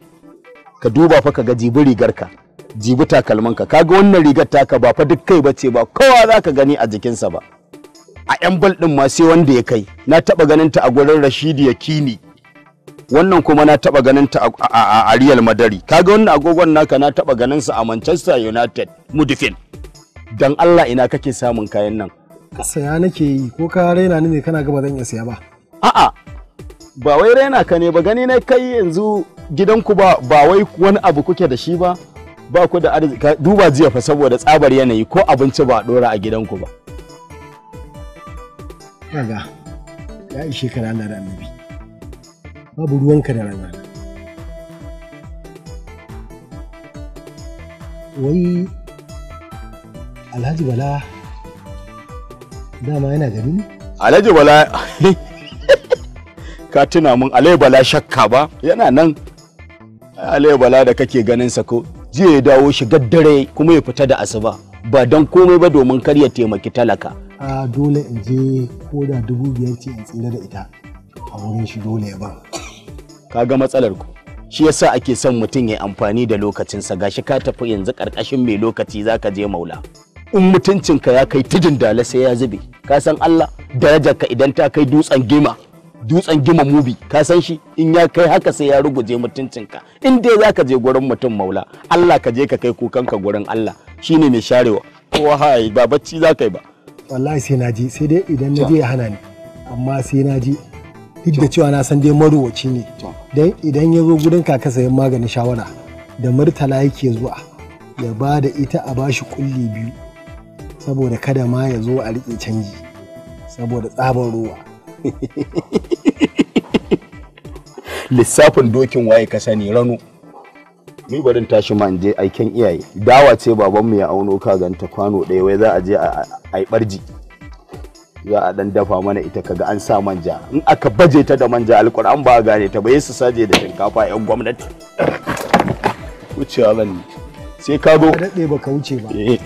ka duba fa ka ga jibi rigarka jibi takalmanka kaga wannan rigar taka ba fa duk kai bace ba kowa za ka gani a jikinsa ba a yan bal din ma sai wanda ya kai na taɓa ganin ta a gurin Rashidi ya Yakini wannan kuma na taba ganin ta a Real Madrid kaga wannan agogon naka na taba ganin sa a Manchester United mudifin dan Allah ina kake samun kayan nan saya nake yi ko ka raina ni ne kana gaba zan iya saya ba a'a ba wai raina ka ne ba gani na kai yanzu gidanku ba ba wai wani abu kuke da shi ba ba ku da arziki duba jiya fa saboda tsabar yanayi ko abinci ba a dora a gidanku ba kaga ya shekara na da annabi babu ruwanka da rana wai alhaji bala dama yana gani ne alhaji bala (laughs) ka tuna mun alhaji bala shakka ba yana nan alhaji bala da kake ganin sa ko jiya ya dawo shigar dare kuma ya fita da asuba ba don komai ba domin kar ya taimaki talaka a dole in je ko da dubu biyar ce in tsira da ita a wurin shi dole ya ba kaga matsalar ku shi yasa ake son mutum ya amfani da lokacinsa gashi ka tafi yanzu karkashin mai lokaci zaka je maula in mutuncinka ya kai tudun dala sai ya zube ka san Allah darajarka idan ta kai dutsen gima dutsen gima mubi ka san shi in ya kai haka sai ya ruguje mutuncinka in dai zaka je gurin mutum maula Allah ka je ka kai kukanka gurin Allah shine mai sharewa wahai ba bacci zaka yi ba wallahi sai naji sai dai idan je ya hana ni amma sai naji duk da cewa na san dai marowaci ne dan idan ya zo gurin kaka sayan maganin shawara da murtala yake zuwa ya ba da ita a bashi kulli biyu saboda kada ma ya zo a riƙe canji saboda tsabar ruwa (laughs) lissafin dokin waye ka sani rano ni barin tashi ma je aiken iyaye dawa ce babanmu ya auno ka ganta kwano ɗaya wai za a je a barji za a dan dafa mana ita kaga an sa manja in aka baje ta da manja alkur'an ba gane ta ba yesu saje da shinkafa yan gwamnati wucewa zan sai ka zo daɗe ba ka wuce ba eh.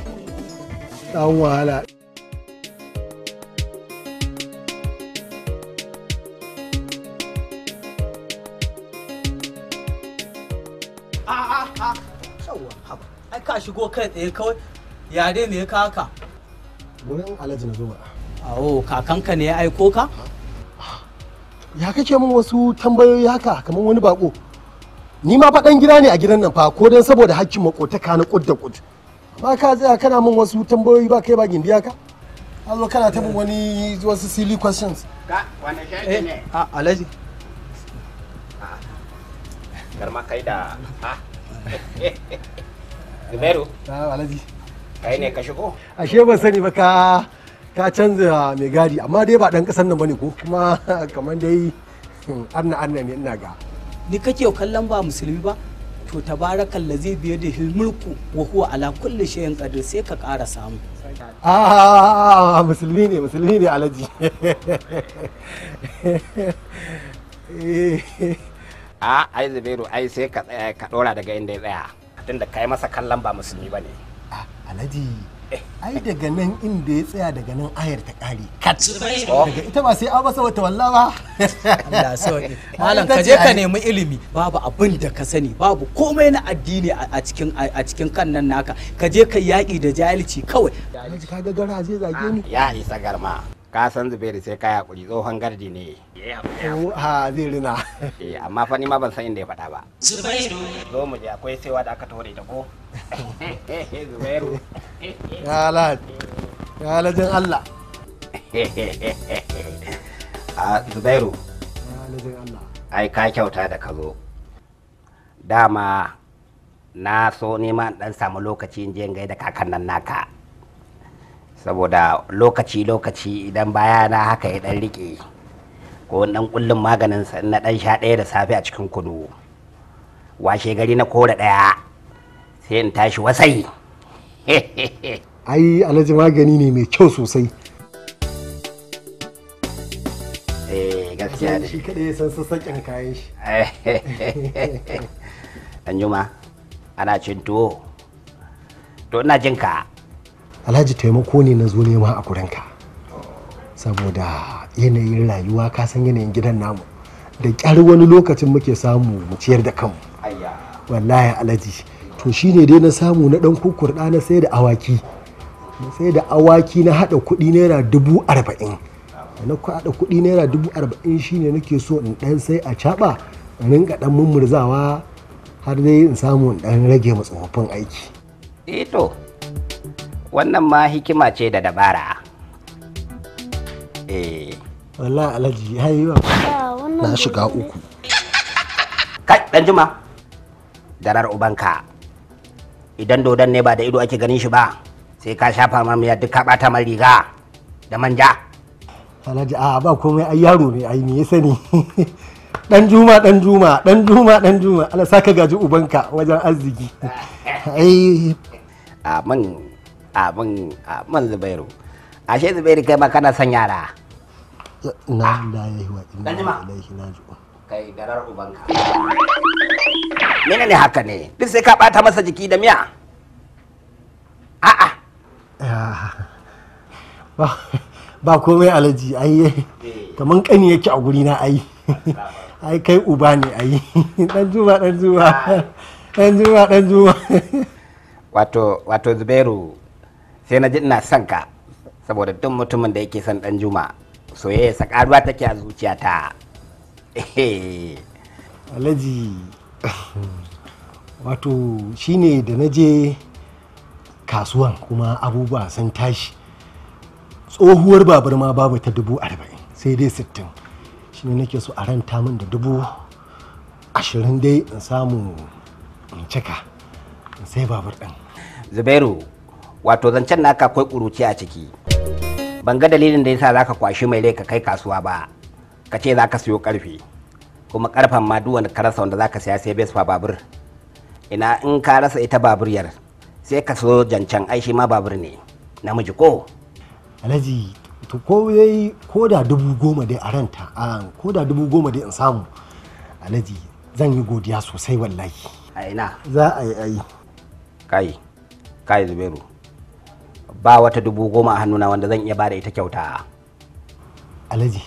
ɗan wahala ka shigo kai tsaye kawai yare ne alhaji na ba Awo, kakanka ne ya aiko ka? Ya kake min wasu tambayoyi haka kamar wani bako. Ni ma faɗan gida ne a gidan nan fa ko dan saboda hakkin makotaka na kud da kud. Amma ka tsaya kana min wasu tambayoyi ba kai ba gindiya ka? alo kana ta min wani wasu silly questions. Ka wanda shi ne? Eh, a Alhaji. Garma kai da ha. Zubairu. Ta Alhaji. Kai ne ka shigo? Ashe ban sani ba ka ta canza mai gadi amma dai ba dan kasar nan bane ko kuma (laughs) kamar dai hmm, arna arna ne ina ga ni kake kallon ba musulmi ba to tabarakal lazi biye da hilmulku wa huwa ala kulli shay'in qadir sai ka ƙara samu Ah, musulmi ne musulmi ne alaji a (laughs) ah, ai zubairu ai sai ka tsaya ka dora daga inda ya tsaya tunda kai masa kallon ba musulmi bane alaji ah, ai daga nan inda ya tsaya daga nan ayar ta kare kat daga ita ba sai an wata walla ba Allah sauki (laughs) malam ka je ka nemi ilimi babu abin da ka sani babu komai na addini a cikin a cikin kan nan naka ka je ka yaki da jahilci kawai ka ga gara zai zage ni ya isa garma ka san zubairu sai ka yakuri tsohon gardi ne ha zai rina eh, amma fa ni ma ban san inda ya faɗa ba zubairu zo mu je akwai saiwa da aka tore da ko (laughs) zubairu ya lad ya ladin Allah (laughs) a zubairu ai ka kyauta da ka zo dama na so neman dan samu lokaci in je in gaida kakan nan naka saboda lokaci-lokaci idan baya na haka ya dan rike ko dan kullun maganin na dan sha ɗaya da safe a cikin kudu washe gari na kore ɗaya sai in tashi wasai (laughs) ai alhaji magani ne mai kyau sosai eh, gaskiya ne shi kaɗai san san sakin kayan shi ɗan (laughs) juma ana cin tuwo to ina jin ka alhaji taimako ne na zo nema a gurinka saboda yanayin rayuwa ka san yanayin gidan namu da kyar wani lokacin muke samu mu ciyar da kanmu wallahi alhaji to shine dai na samu na dan kukurda na sai da awaki na sai da awaki na hada kuɗi naira dubu arba'in na hada kuɗi naira dubu arba'in shine nake so in dan sai a caɓa in rinka dan mummurzawa har dai in samu in dan rage tsofaffin aiki eh to wannan ma hikima ce da dabara eh wallah alhaji haiwa na shiga uku kai dan juma darar ubanka idan dodon ne ba da ido ake ganin shi ba sai ka shafa ma miya duk ka bata man riga da manja alhaji a ba komai ai yaro ne ai me ya sani (laughs) dan juma dan juma dan juma dan juma Allah saka gaji ubanka wajen arziki (laughs) ai a man abin man zubairu ashe zubairu kai ma kana son yara na da ya yi wa ina da na ji kai garar ubanka menene haka ne duk sai ka bata masa jiki da miya a'a ba komai alaji ai eh, eh. kaman kani yake a guri na ai ai kai uba ne ai dan juma dan juma ah. dan juma dan juma wato wato zubairu sai na ji ina son ka saboda duk mutumin da yake son dan juma soyayya sakaruwa take a zuciyata alhaji wato shine da na je kasuwan kuma abubuwa sun tashi tsohuwar babar ma babu ta dubu arba'in sai dai sittin shi ne nake so a ranta min da dubu ashirin dai in samu in cika sai babur ɗin zubairu wato zancen ka kai ƙuruci a ciki ban ga dalilin da yasa zaka kwashi mai rai ka kai kasuwa ba ka ce zaka siyo karfe kuma karfan ma duk wani karasa wanda zaka siya sai fa babur ina in ka rasa ita babur yar sai ka so jancan ai shi ma babur ne namiji ko alhaji to ko yayi ko da dubu goma dai a ranta ko da dubu goma dai in samu alhaji zan yi godiya sosai wallahi a ina za a yi ai kai kai zubairu ba wata dubu goma a hannuna wanda zan iya bada ita kyauta alaji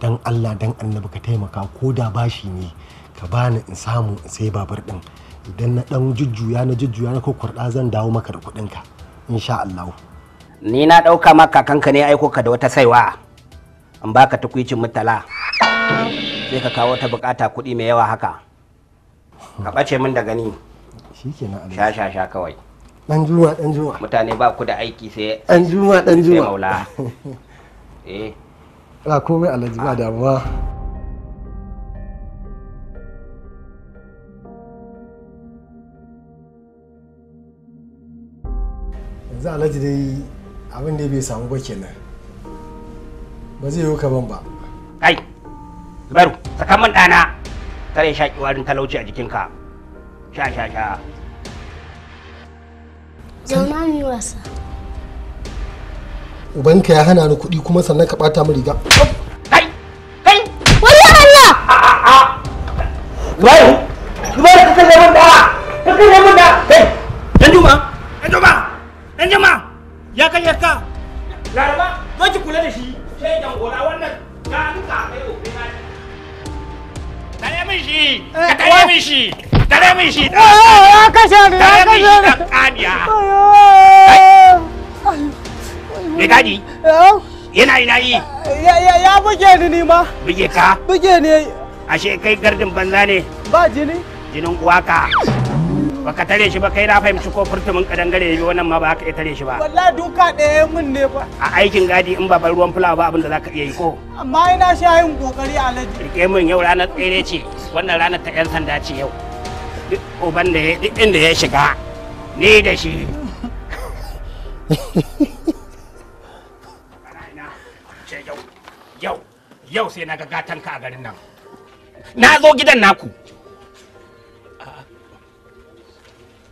dan allah dan annabi ka taimaka ko da bashi ne ka bani in samu in sai babar din idan na dan jujjuya na jujjuya na kokwarda zan dawo maka da kuɗin ka insha allah ni na ɗauka maka kanka ne aiko ka da wata saiwa in baka tukwicin mutala sai ka kawo ta bukata kuɗi mai yawa haka ka ɓace min da gani sha sha sha kawai dan juma dan juma mutane ba ku da aiki sai dan juma dan juma maula (laughs) eh ba komai alhaji ba damuwa yanzu alhaji dai abin da bai samu ba kenan ba zai yi ban ba kai zubairu sakamin dana kare shaƙi warin talauci a jikinka sha sha sha Zauna mu wasa. Ubanka ya hana ni kuɗi kuma sannan ka ɓata mu riga. Kai! Kai! Wani Allah! Zubairu! Zubairu ka kalle mun da! Ka kalle mun da! Kai! Ɗan Juma! Ɗan Juma! Ɗan Juma! Ya kalle ka! Laraba, zo ki kula da shi. Sai dan gora wannan ka duka kai o kai na. Ka min shi! Ka eh, kai min shi! tare min shi da eh, ya kashe ni ya kashe ni da kaniya me gadi yana ina yi ya buge ni ni ma buge ka buge ne ashe kai gardin banza ne ba jini jinin uwa ka baka tare shi ba kai na fahimci ko furtumin kadangare ne wannan ma ba ka iya tare shi ba wallahi duka ɗaya mun ne ba a aikin gadi in baban ruwan fulawa ba abin da zaka iya yi ko amma ina sha yin kokari alhaji rike min yau ranar tsere ce wannan ranar ta yan sanda ce yau uban da ya inda ya shiga ni da shi (laughs) yau sai na ga ka a garin nan na zo gidan naku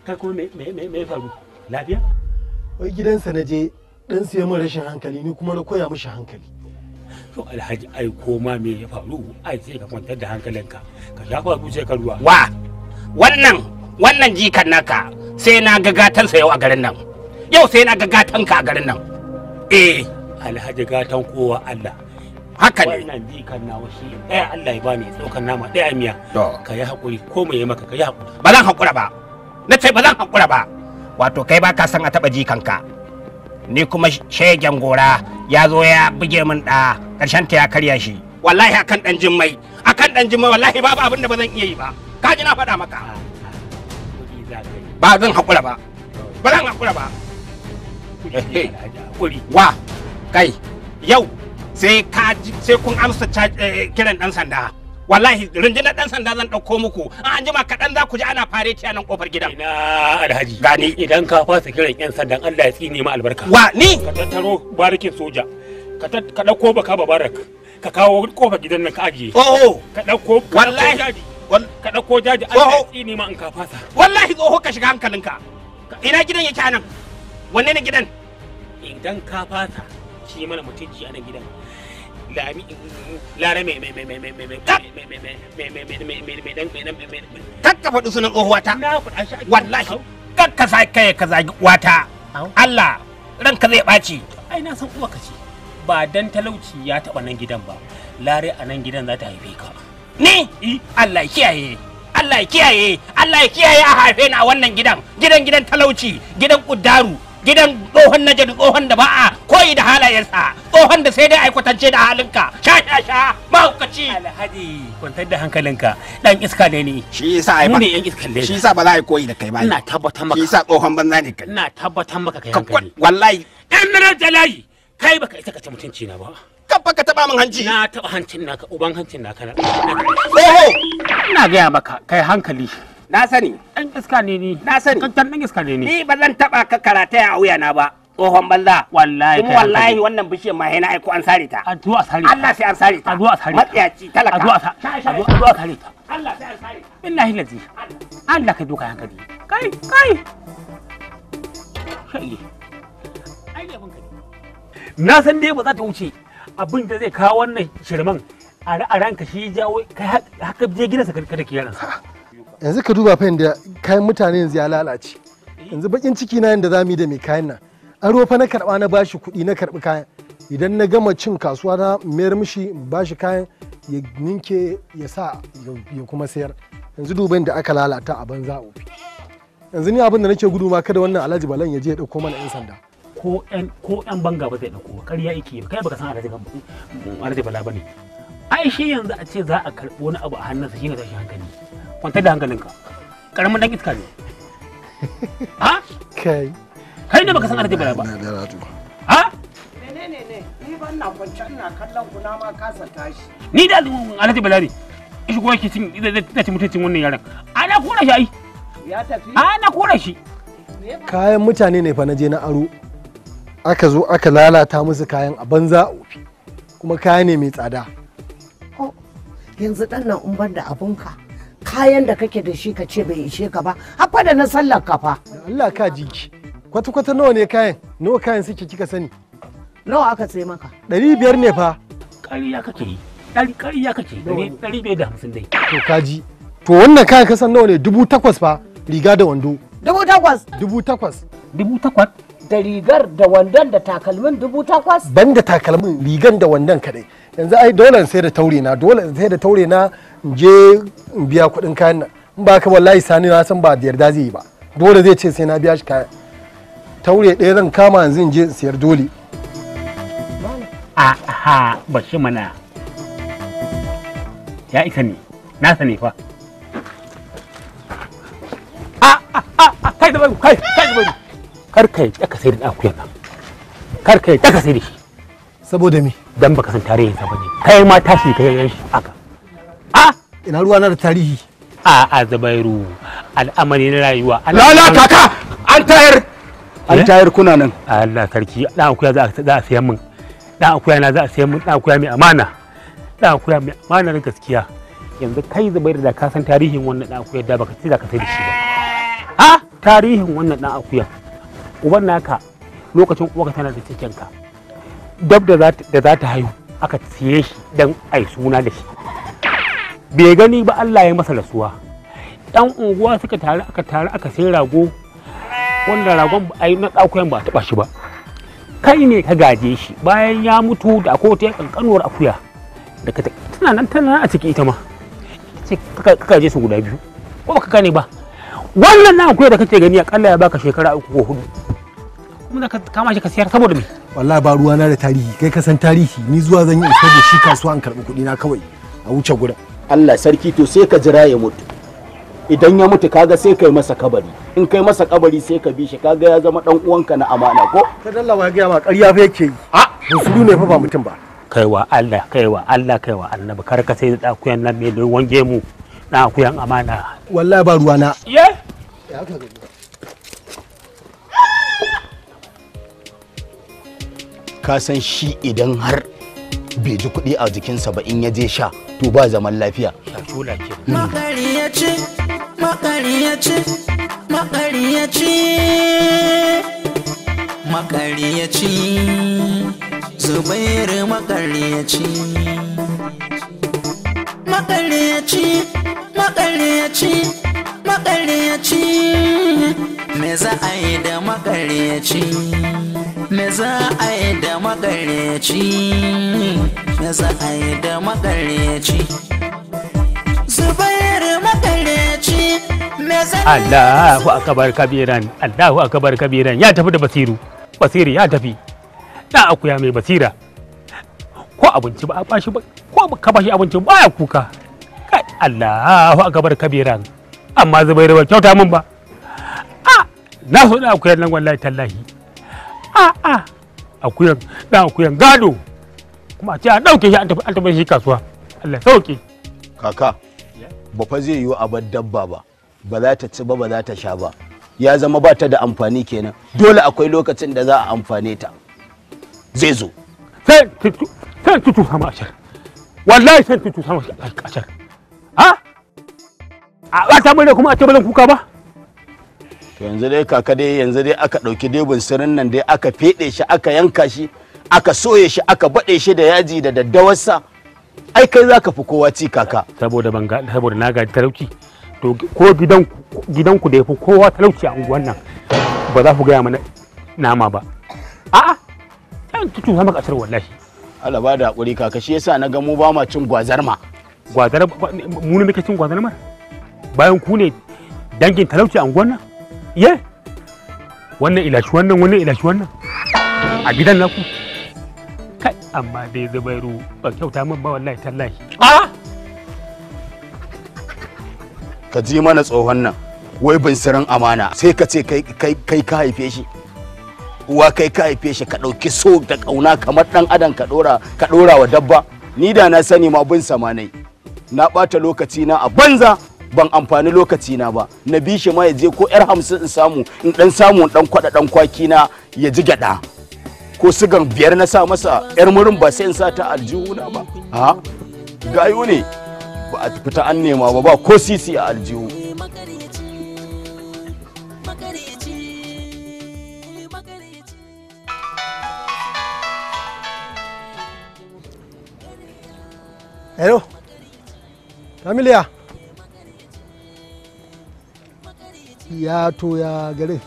kai ko mai faru lafiya wai gidansa na je dan sai mun rashin hankali ni kuma na koya mishi hankali to alhaji ai koma me ya faru ai sai ka kwantar da hankalinka ka shafa zuciyar ka ruwa wa wannan wannan jikan naka sai na ga gatan sa yau a garin nan yau sai na ga gatan ka a garin nan eh alhaji gatan kowa Allah haka ne wannan jikan na shi ɗaya Allah ya bani tsokan nama ɗaya miya ka yi hakuri ko mai maka ka yi hakuri ba zan hakura ba na ce ba zan hakura ba wato kai ba ka san a taba jikan ka ni kuma shegen gora ya zo ya buge min da karshen ta ya karya shi wallahi akan dan jimmai akan dan jimmai wallahi babu abin da ba zan iya yi ba ka na faɗa maka ah, ah. ba zan haƙura ba ba zan haƙura ba wa kai yau sai ka sai kun amsa eh, eh, kiran dan sanda wallahi rundunar dan sanda zan dauko muku an jima kaɗan za ku ji ana fare ta nan kofar gidan ina alhaji gani idan ka fasa kiran yan sandan Allah ya tsini ma albarka wa ni ka tattaro barikin soja ka dauko baka babarak ka kawo kofar gidan nan ka ajiye oh, oh. ka dauko wallahi ka ɗauko jaji Allah ya tsini ma in kafa fasa wallahi tsoho ka shiga hankalinka ina gidan yake anan wanne ne gidan idan ka fasa shi mana mutunci ana gidan lami lare mai mai mai mai mai mai mai mai kakka faɗi sunan tsohuwata wallahi kakka sa kai ka zagi uwata Allah ranka zai ɓaci ai na san uwa ka ce ba dan talauci ya taɓa nan gidan ba lare a nan gidan za ta haife ka ni Allah kiyaye Allah kiyaye Allah kiyaye a haife ni a wannan gidan gidan gidan talauci gidan kuddaru gidan tsohon na jadi tsohon da ba a koyi da halayensa tsohon da sai dai aikwatance da halinka sha sha sha mahaukaci alhaji kwantar da hankalinka dan iska ne ni shi yasa ai ba yan iska ne shi yasa ba za a koyi da kai ba ina tabbatar maka shi yasa tsohon banza ne kai ina tabbatar maka kai hankali wallahi dan nan jalayi kai baka isa ka ci mutunci na ba kafa ka taba min hanci na taba hancin naka uban hancin naka na oho eh, ina gaya maka kai hankali na sani dan iska ne ni na sani kan dan iska ne ni ni ba zan taba ka karata a wuya na ba tsohon banza wallahi kai wallahi wannan bishiyar ma yana aiko an sare ta a zuwa sare ta Allah sai an sare ta a zuwa sare ta matsiyaci talaka a zuwa sare ta Allah sai an sare ta billahi lazi Allah ka doka hankali kai kai ai ne na san dai ba za ta wuce abin da zai kawo wannan shirman a ranka shi jawo kai haka je sa ka da yanzu ka duba fayin kayan mutane yanzu ya lalace eh. yanzu bakin ciki na yanda zamu yi da mai kayan nan an fa na karba na bashi kuɗi na karbi kayan idan na gama cin kasuwa na mayar mishi bashi kayan ya ninke ya sa ya kuma sayar yanzu duba da aka lalata a banza ofi yanzu ni abin da nake gudu ma kada wannan alhaji balan ya je ya dauko mana yan sanda ko yan banga ba zai dauko ya yake kai baka san arziki arzikin bala bane ai shi yanzu a ce za a karɓi wani abu a hannunsa shine tashi hankali kwantar da hankalinka karamin dan iska ne (laughs) ha kai kai ne baka san arziki bala ba ha ne ne ni ban na kwance ina kallon kuna ma kasa tashi ni da arziki bala ne shi kuma ke cin zai cin mutuncin wannan yaran ana kura shi ai ya tafi ana kura shi kayan mutane ne fa na je na aro aka zo aka lalata musu kayan a banza kuma kaya ne mai tsada oh, yanzu dan nan umbar da abunka kayan da kake da shi ka ce bai ishe ka ba haffa da na sallar ka fa Allah ka jiki kwata kwata nawa ne kayan nawa kayan suke kika sani nawa aka tsaye maka ɗari biyar ne fa ƙarya kake yi ɗari ƙarya kake ɗari biyar da hamsin dai to kaji to wannan kayan kasan nawa ne dubu takwas fa riga da wando dubu takwas dubu takwas dubu takwas da rigar da wandon da takalmin dubu takwas ban da takalmin rigar da wandon kadai yanzu ai dole sai da taure na dole sai da taure na in je in biya kuɗin kayan nan in ba ka wallahi sani na san ba da yarda zai yi ba dole zai ce sai na biya shi kayan taure ɗaya zan kama yanzu in je in siyar dole aha shi mana ya isa ne na sani fa ah, ah, ah, kai da bai kai kai da bai kar ka yi ka sai da akuyan nan kar ka yi ka sai da shi saboda me dan baka san tarihin sa bane kai ma tashi ka yan shi aka a ina ruwa na da tarihi a a zabairu al'amari na rayuwa lala kaka an tayar eh? an tayar kuna nan Allah sarki dan akuya za a sayan min dan akuya na za a sayan min dan akuya mai amana dan akuya mai amanar gaskiya yanzu kai zubairu da ka san tarihin wannan dan akuya da baka ce za ka sai da shi ba ha tarihin wannan dan akuya uban naka lokacin uwarka tana da cikinka dab da za ta haihu aka siye shi don ai suna da shi bai gani ba Allah ya masa rasuwa yan unguwa suka tare aka tare aka sai rago wanda ragon ai na tsakuyan ba taɓa shi ba kai ne ka gaje shi bayan ya mutu da akwai wata ƙanƙanuwar akuya da ka tana nan tana a ciki ita ma ce ka gaje su guda biyu ko ba ka gane ba wannan na akuya da kake gani a ya baka shekara uku ko hudu kuma ka kama shi ka siyar saboda me wallahi ba ruwa na da tarihi kai ka san tarihi ni zuwa zan yi in da shi kasuwa an karbi kuɗi na kawai a wuce guda. Allah sarki to sai ka jira ya mutu idan ya mutu kaga sai kai masa kabari in kai masa kabari sai ka bi shi kaga ya zama dan uwanka na amana ko ka dalla wa ga ma ƙarya fa yake yi a musulu ne fa ba mutum ba kaiwa Allah kaiwa Allah kaiwa annabi kar ka sai da akuyan nan mai wange mu na akuyan amana wallahi ba ruwana ye ya ka ka san shi idan har bai ji kuɗi a jikinsa ba in ya je sha to ba zaman lafiya. Makariyaci, makariyaci, makariyaci, makariyaci, zubairu makariyaci. makareci makareci makareci me za a yi da makareci me za a yi da makareci me za a yi da makareci zubairu makareci me za Allahu akabar kabiran Allahu akabar kabiran ya tafi da basiru Basiru ya tafi da akuya mai basira ko abinci ba a bashi ba ko ka bashi abinci ba ya kuka kai Allahu akbar kabira amma zubairu ba kyauta min ba a na so da akuyan nan wallahi tallahi a a akuyan da akuyan gado kuma a ce a dauke shi an tafi an tafi shi kasuwa Allah sauke kaka ba fa zai yi a dabba ba ba za ta ci ba ba za ta sha ba ya zama ba ta da amfani kenan dole akwai lokacin da za a amfane ta zai zo sai tutu sama a can wallahi sai tutu sama a can ha a bata mai da kuma a ce bazan kuka ba to yanzu dai kaka dai yanzu dai aka ɗauki debin sirrin nan dai aka feɗe shi aka yanka shi aka soye shi aka baɗe shi da yaji da daddawarsa ai kai za ka fi kowa ci kaka saboda ban saboda na gaji talauci to ko gidanku da ya fi kowa talauci a unguwan nan ba za ku gaya mana nama ba a'a an ki cuta maka asar wallahi ala ba da hakuri kaka shi yasa na ga mu ba ma cin gwazar ma gwazar mu ne muke cin gwazar bayan ku ne dangin talauci an gwanna ye wannan ilashi wannan wannan ilashi wannan a gidan naku kai amma dai zubairu ba kyauta min ba wallahi tallahi a ka ji mana tsohon nan wai bin sirrin amana sai ka ce kai kai ka haife shi uwa kai ka haife shi ka ɗauki so da ƙauna kamar ɗan adam ka ɗora ka ɗora wa dabba ni da na sani ma bin samanai na ɓata lokaci na a banza ban amfani lokaci na ba na bi shi ma ya je ko yar hamsin in samu in ɗan samu in ɗan kwaɗa ɗan kwaki na ya ji gyaɗa ko sugan biyar na sa masa yar murin ba sai in sa ta aljihuna ba ha gayu ne ba a fita an nema ba ba ko sisi a aljihu hello familiya ya to ya gare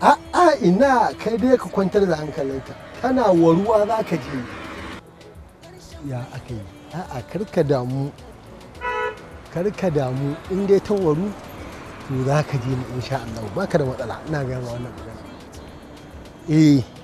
a'a ina kai dai ka kwantar da hankalinka kana waruwa za ka je ya aka yi a'a karka damu karka damu in dai ta waru to za ka je ni insha Allah Baka da matsala ina ga wannan eh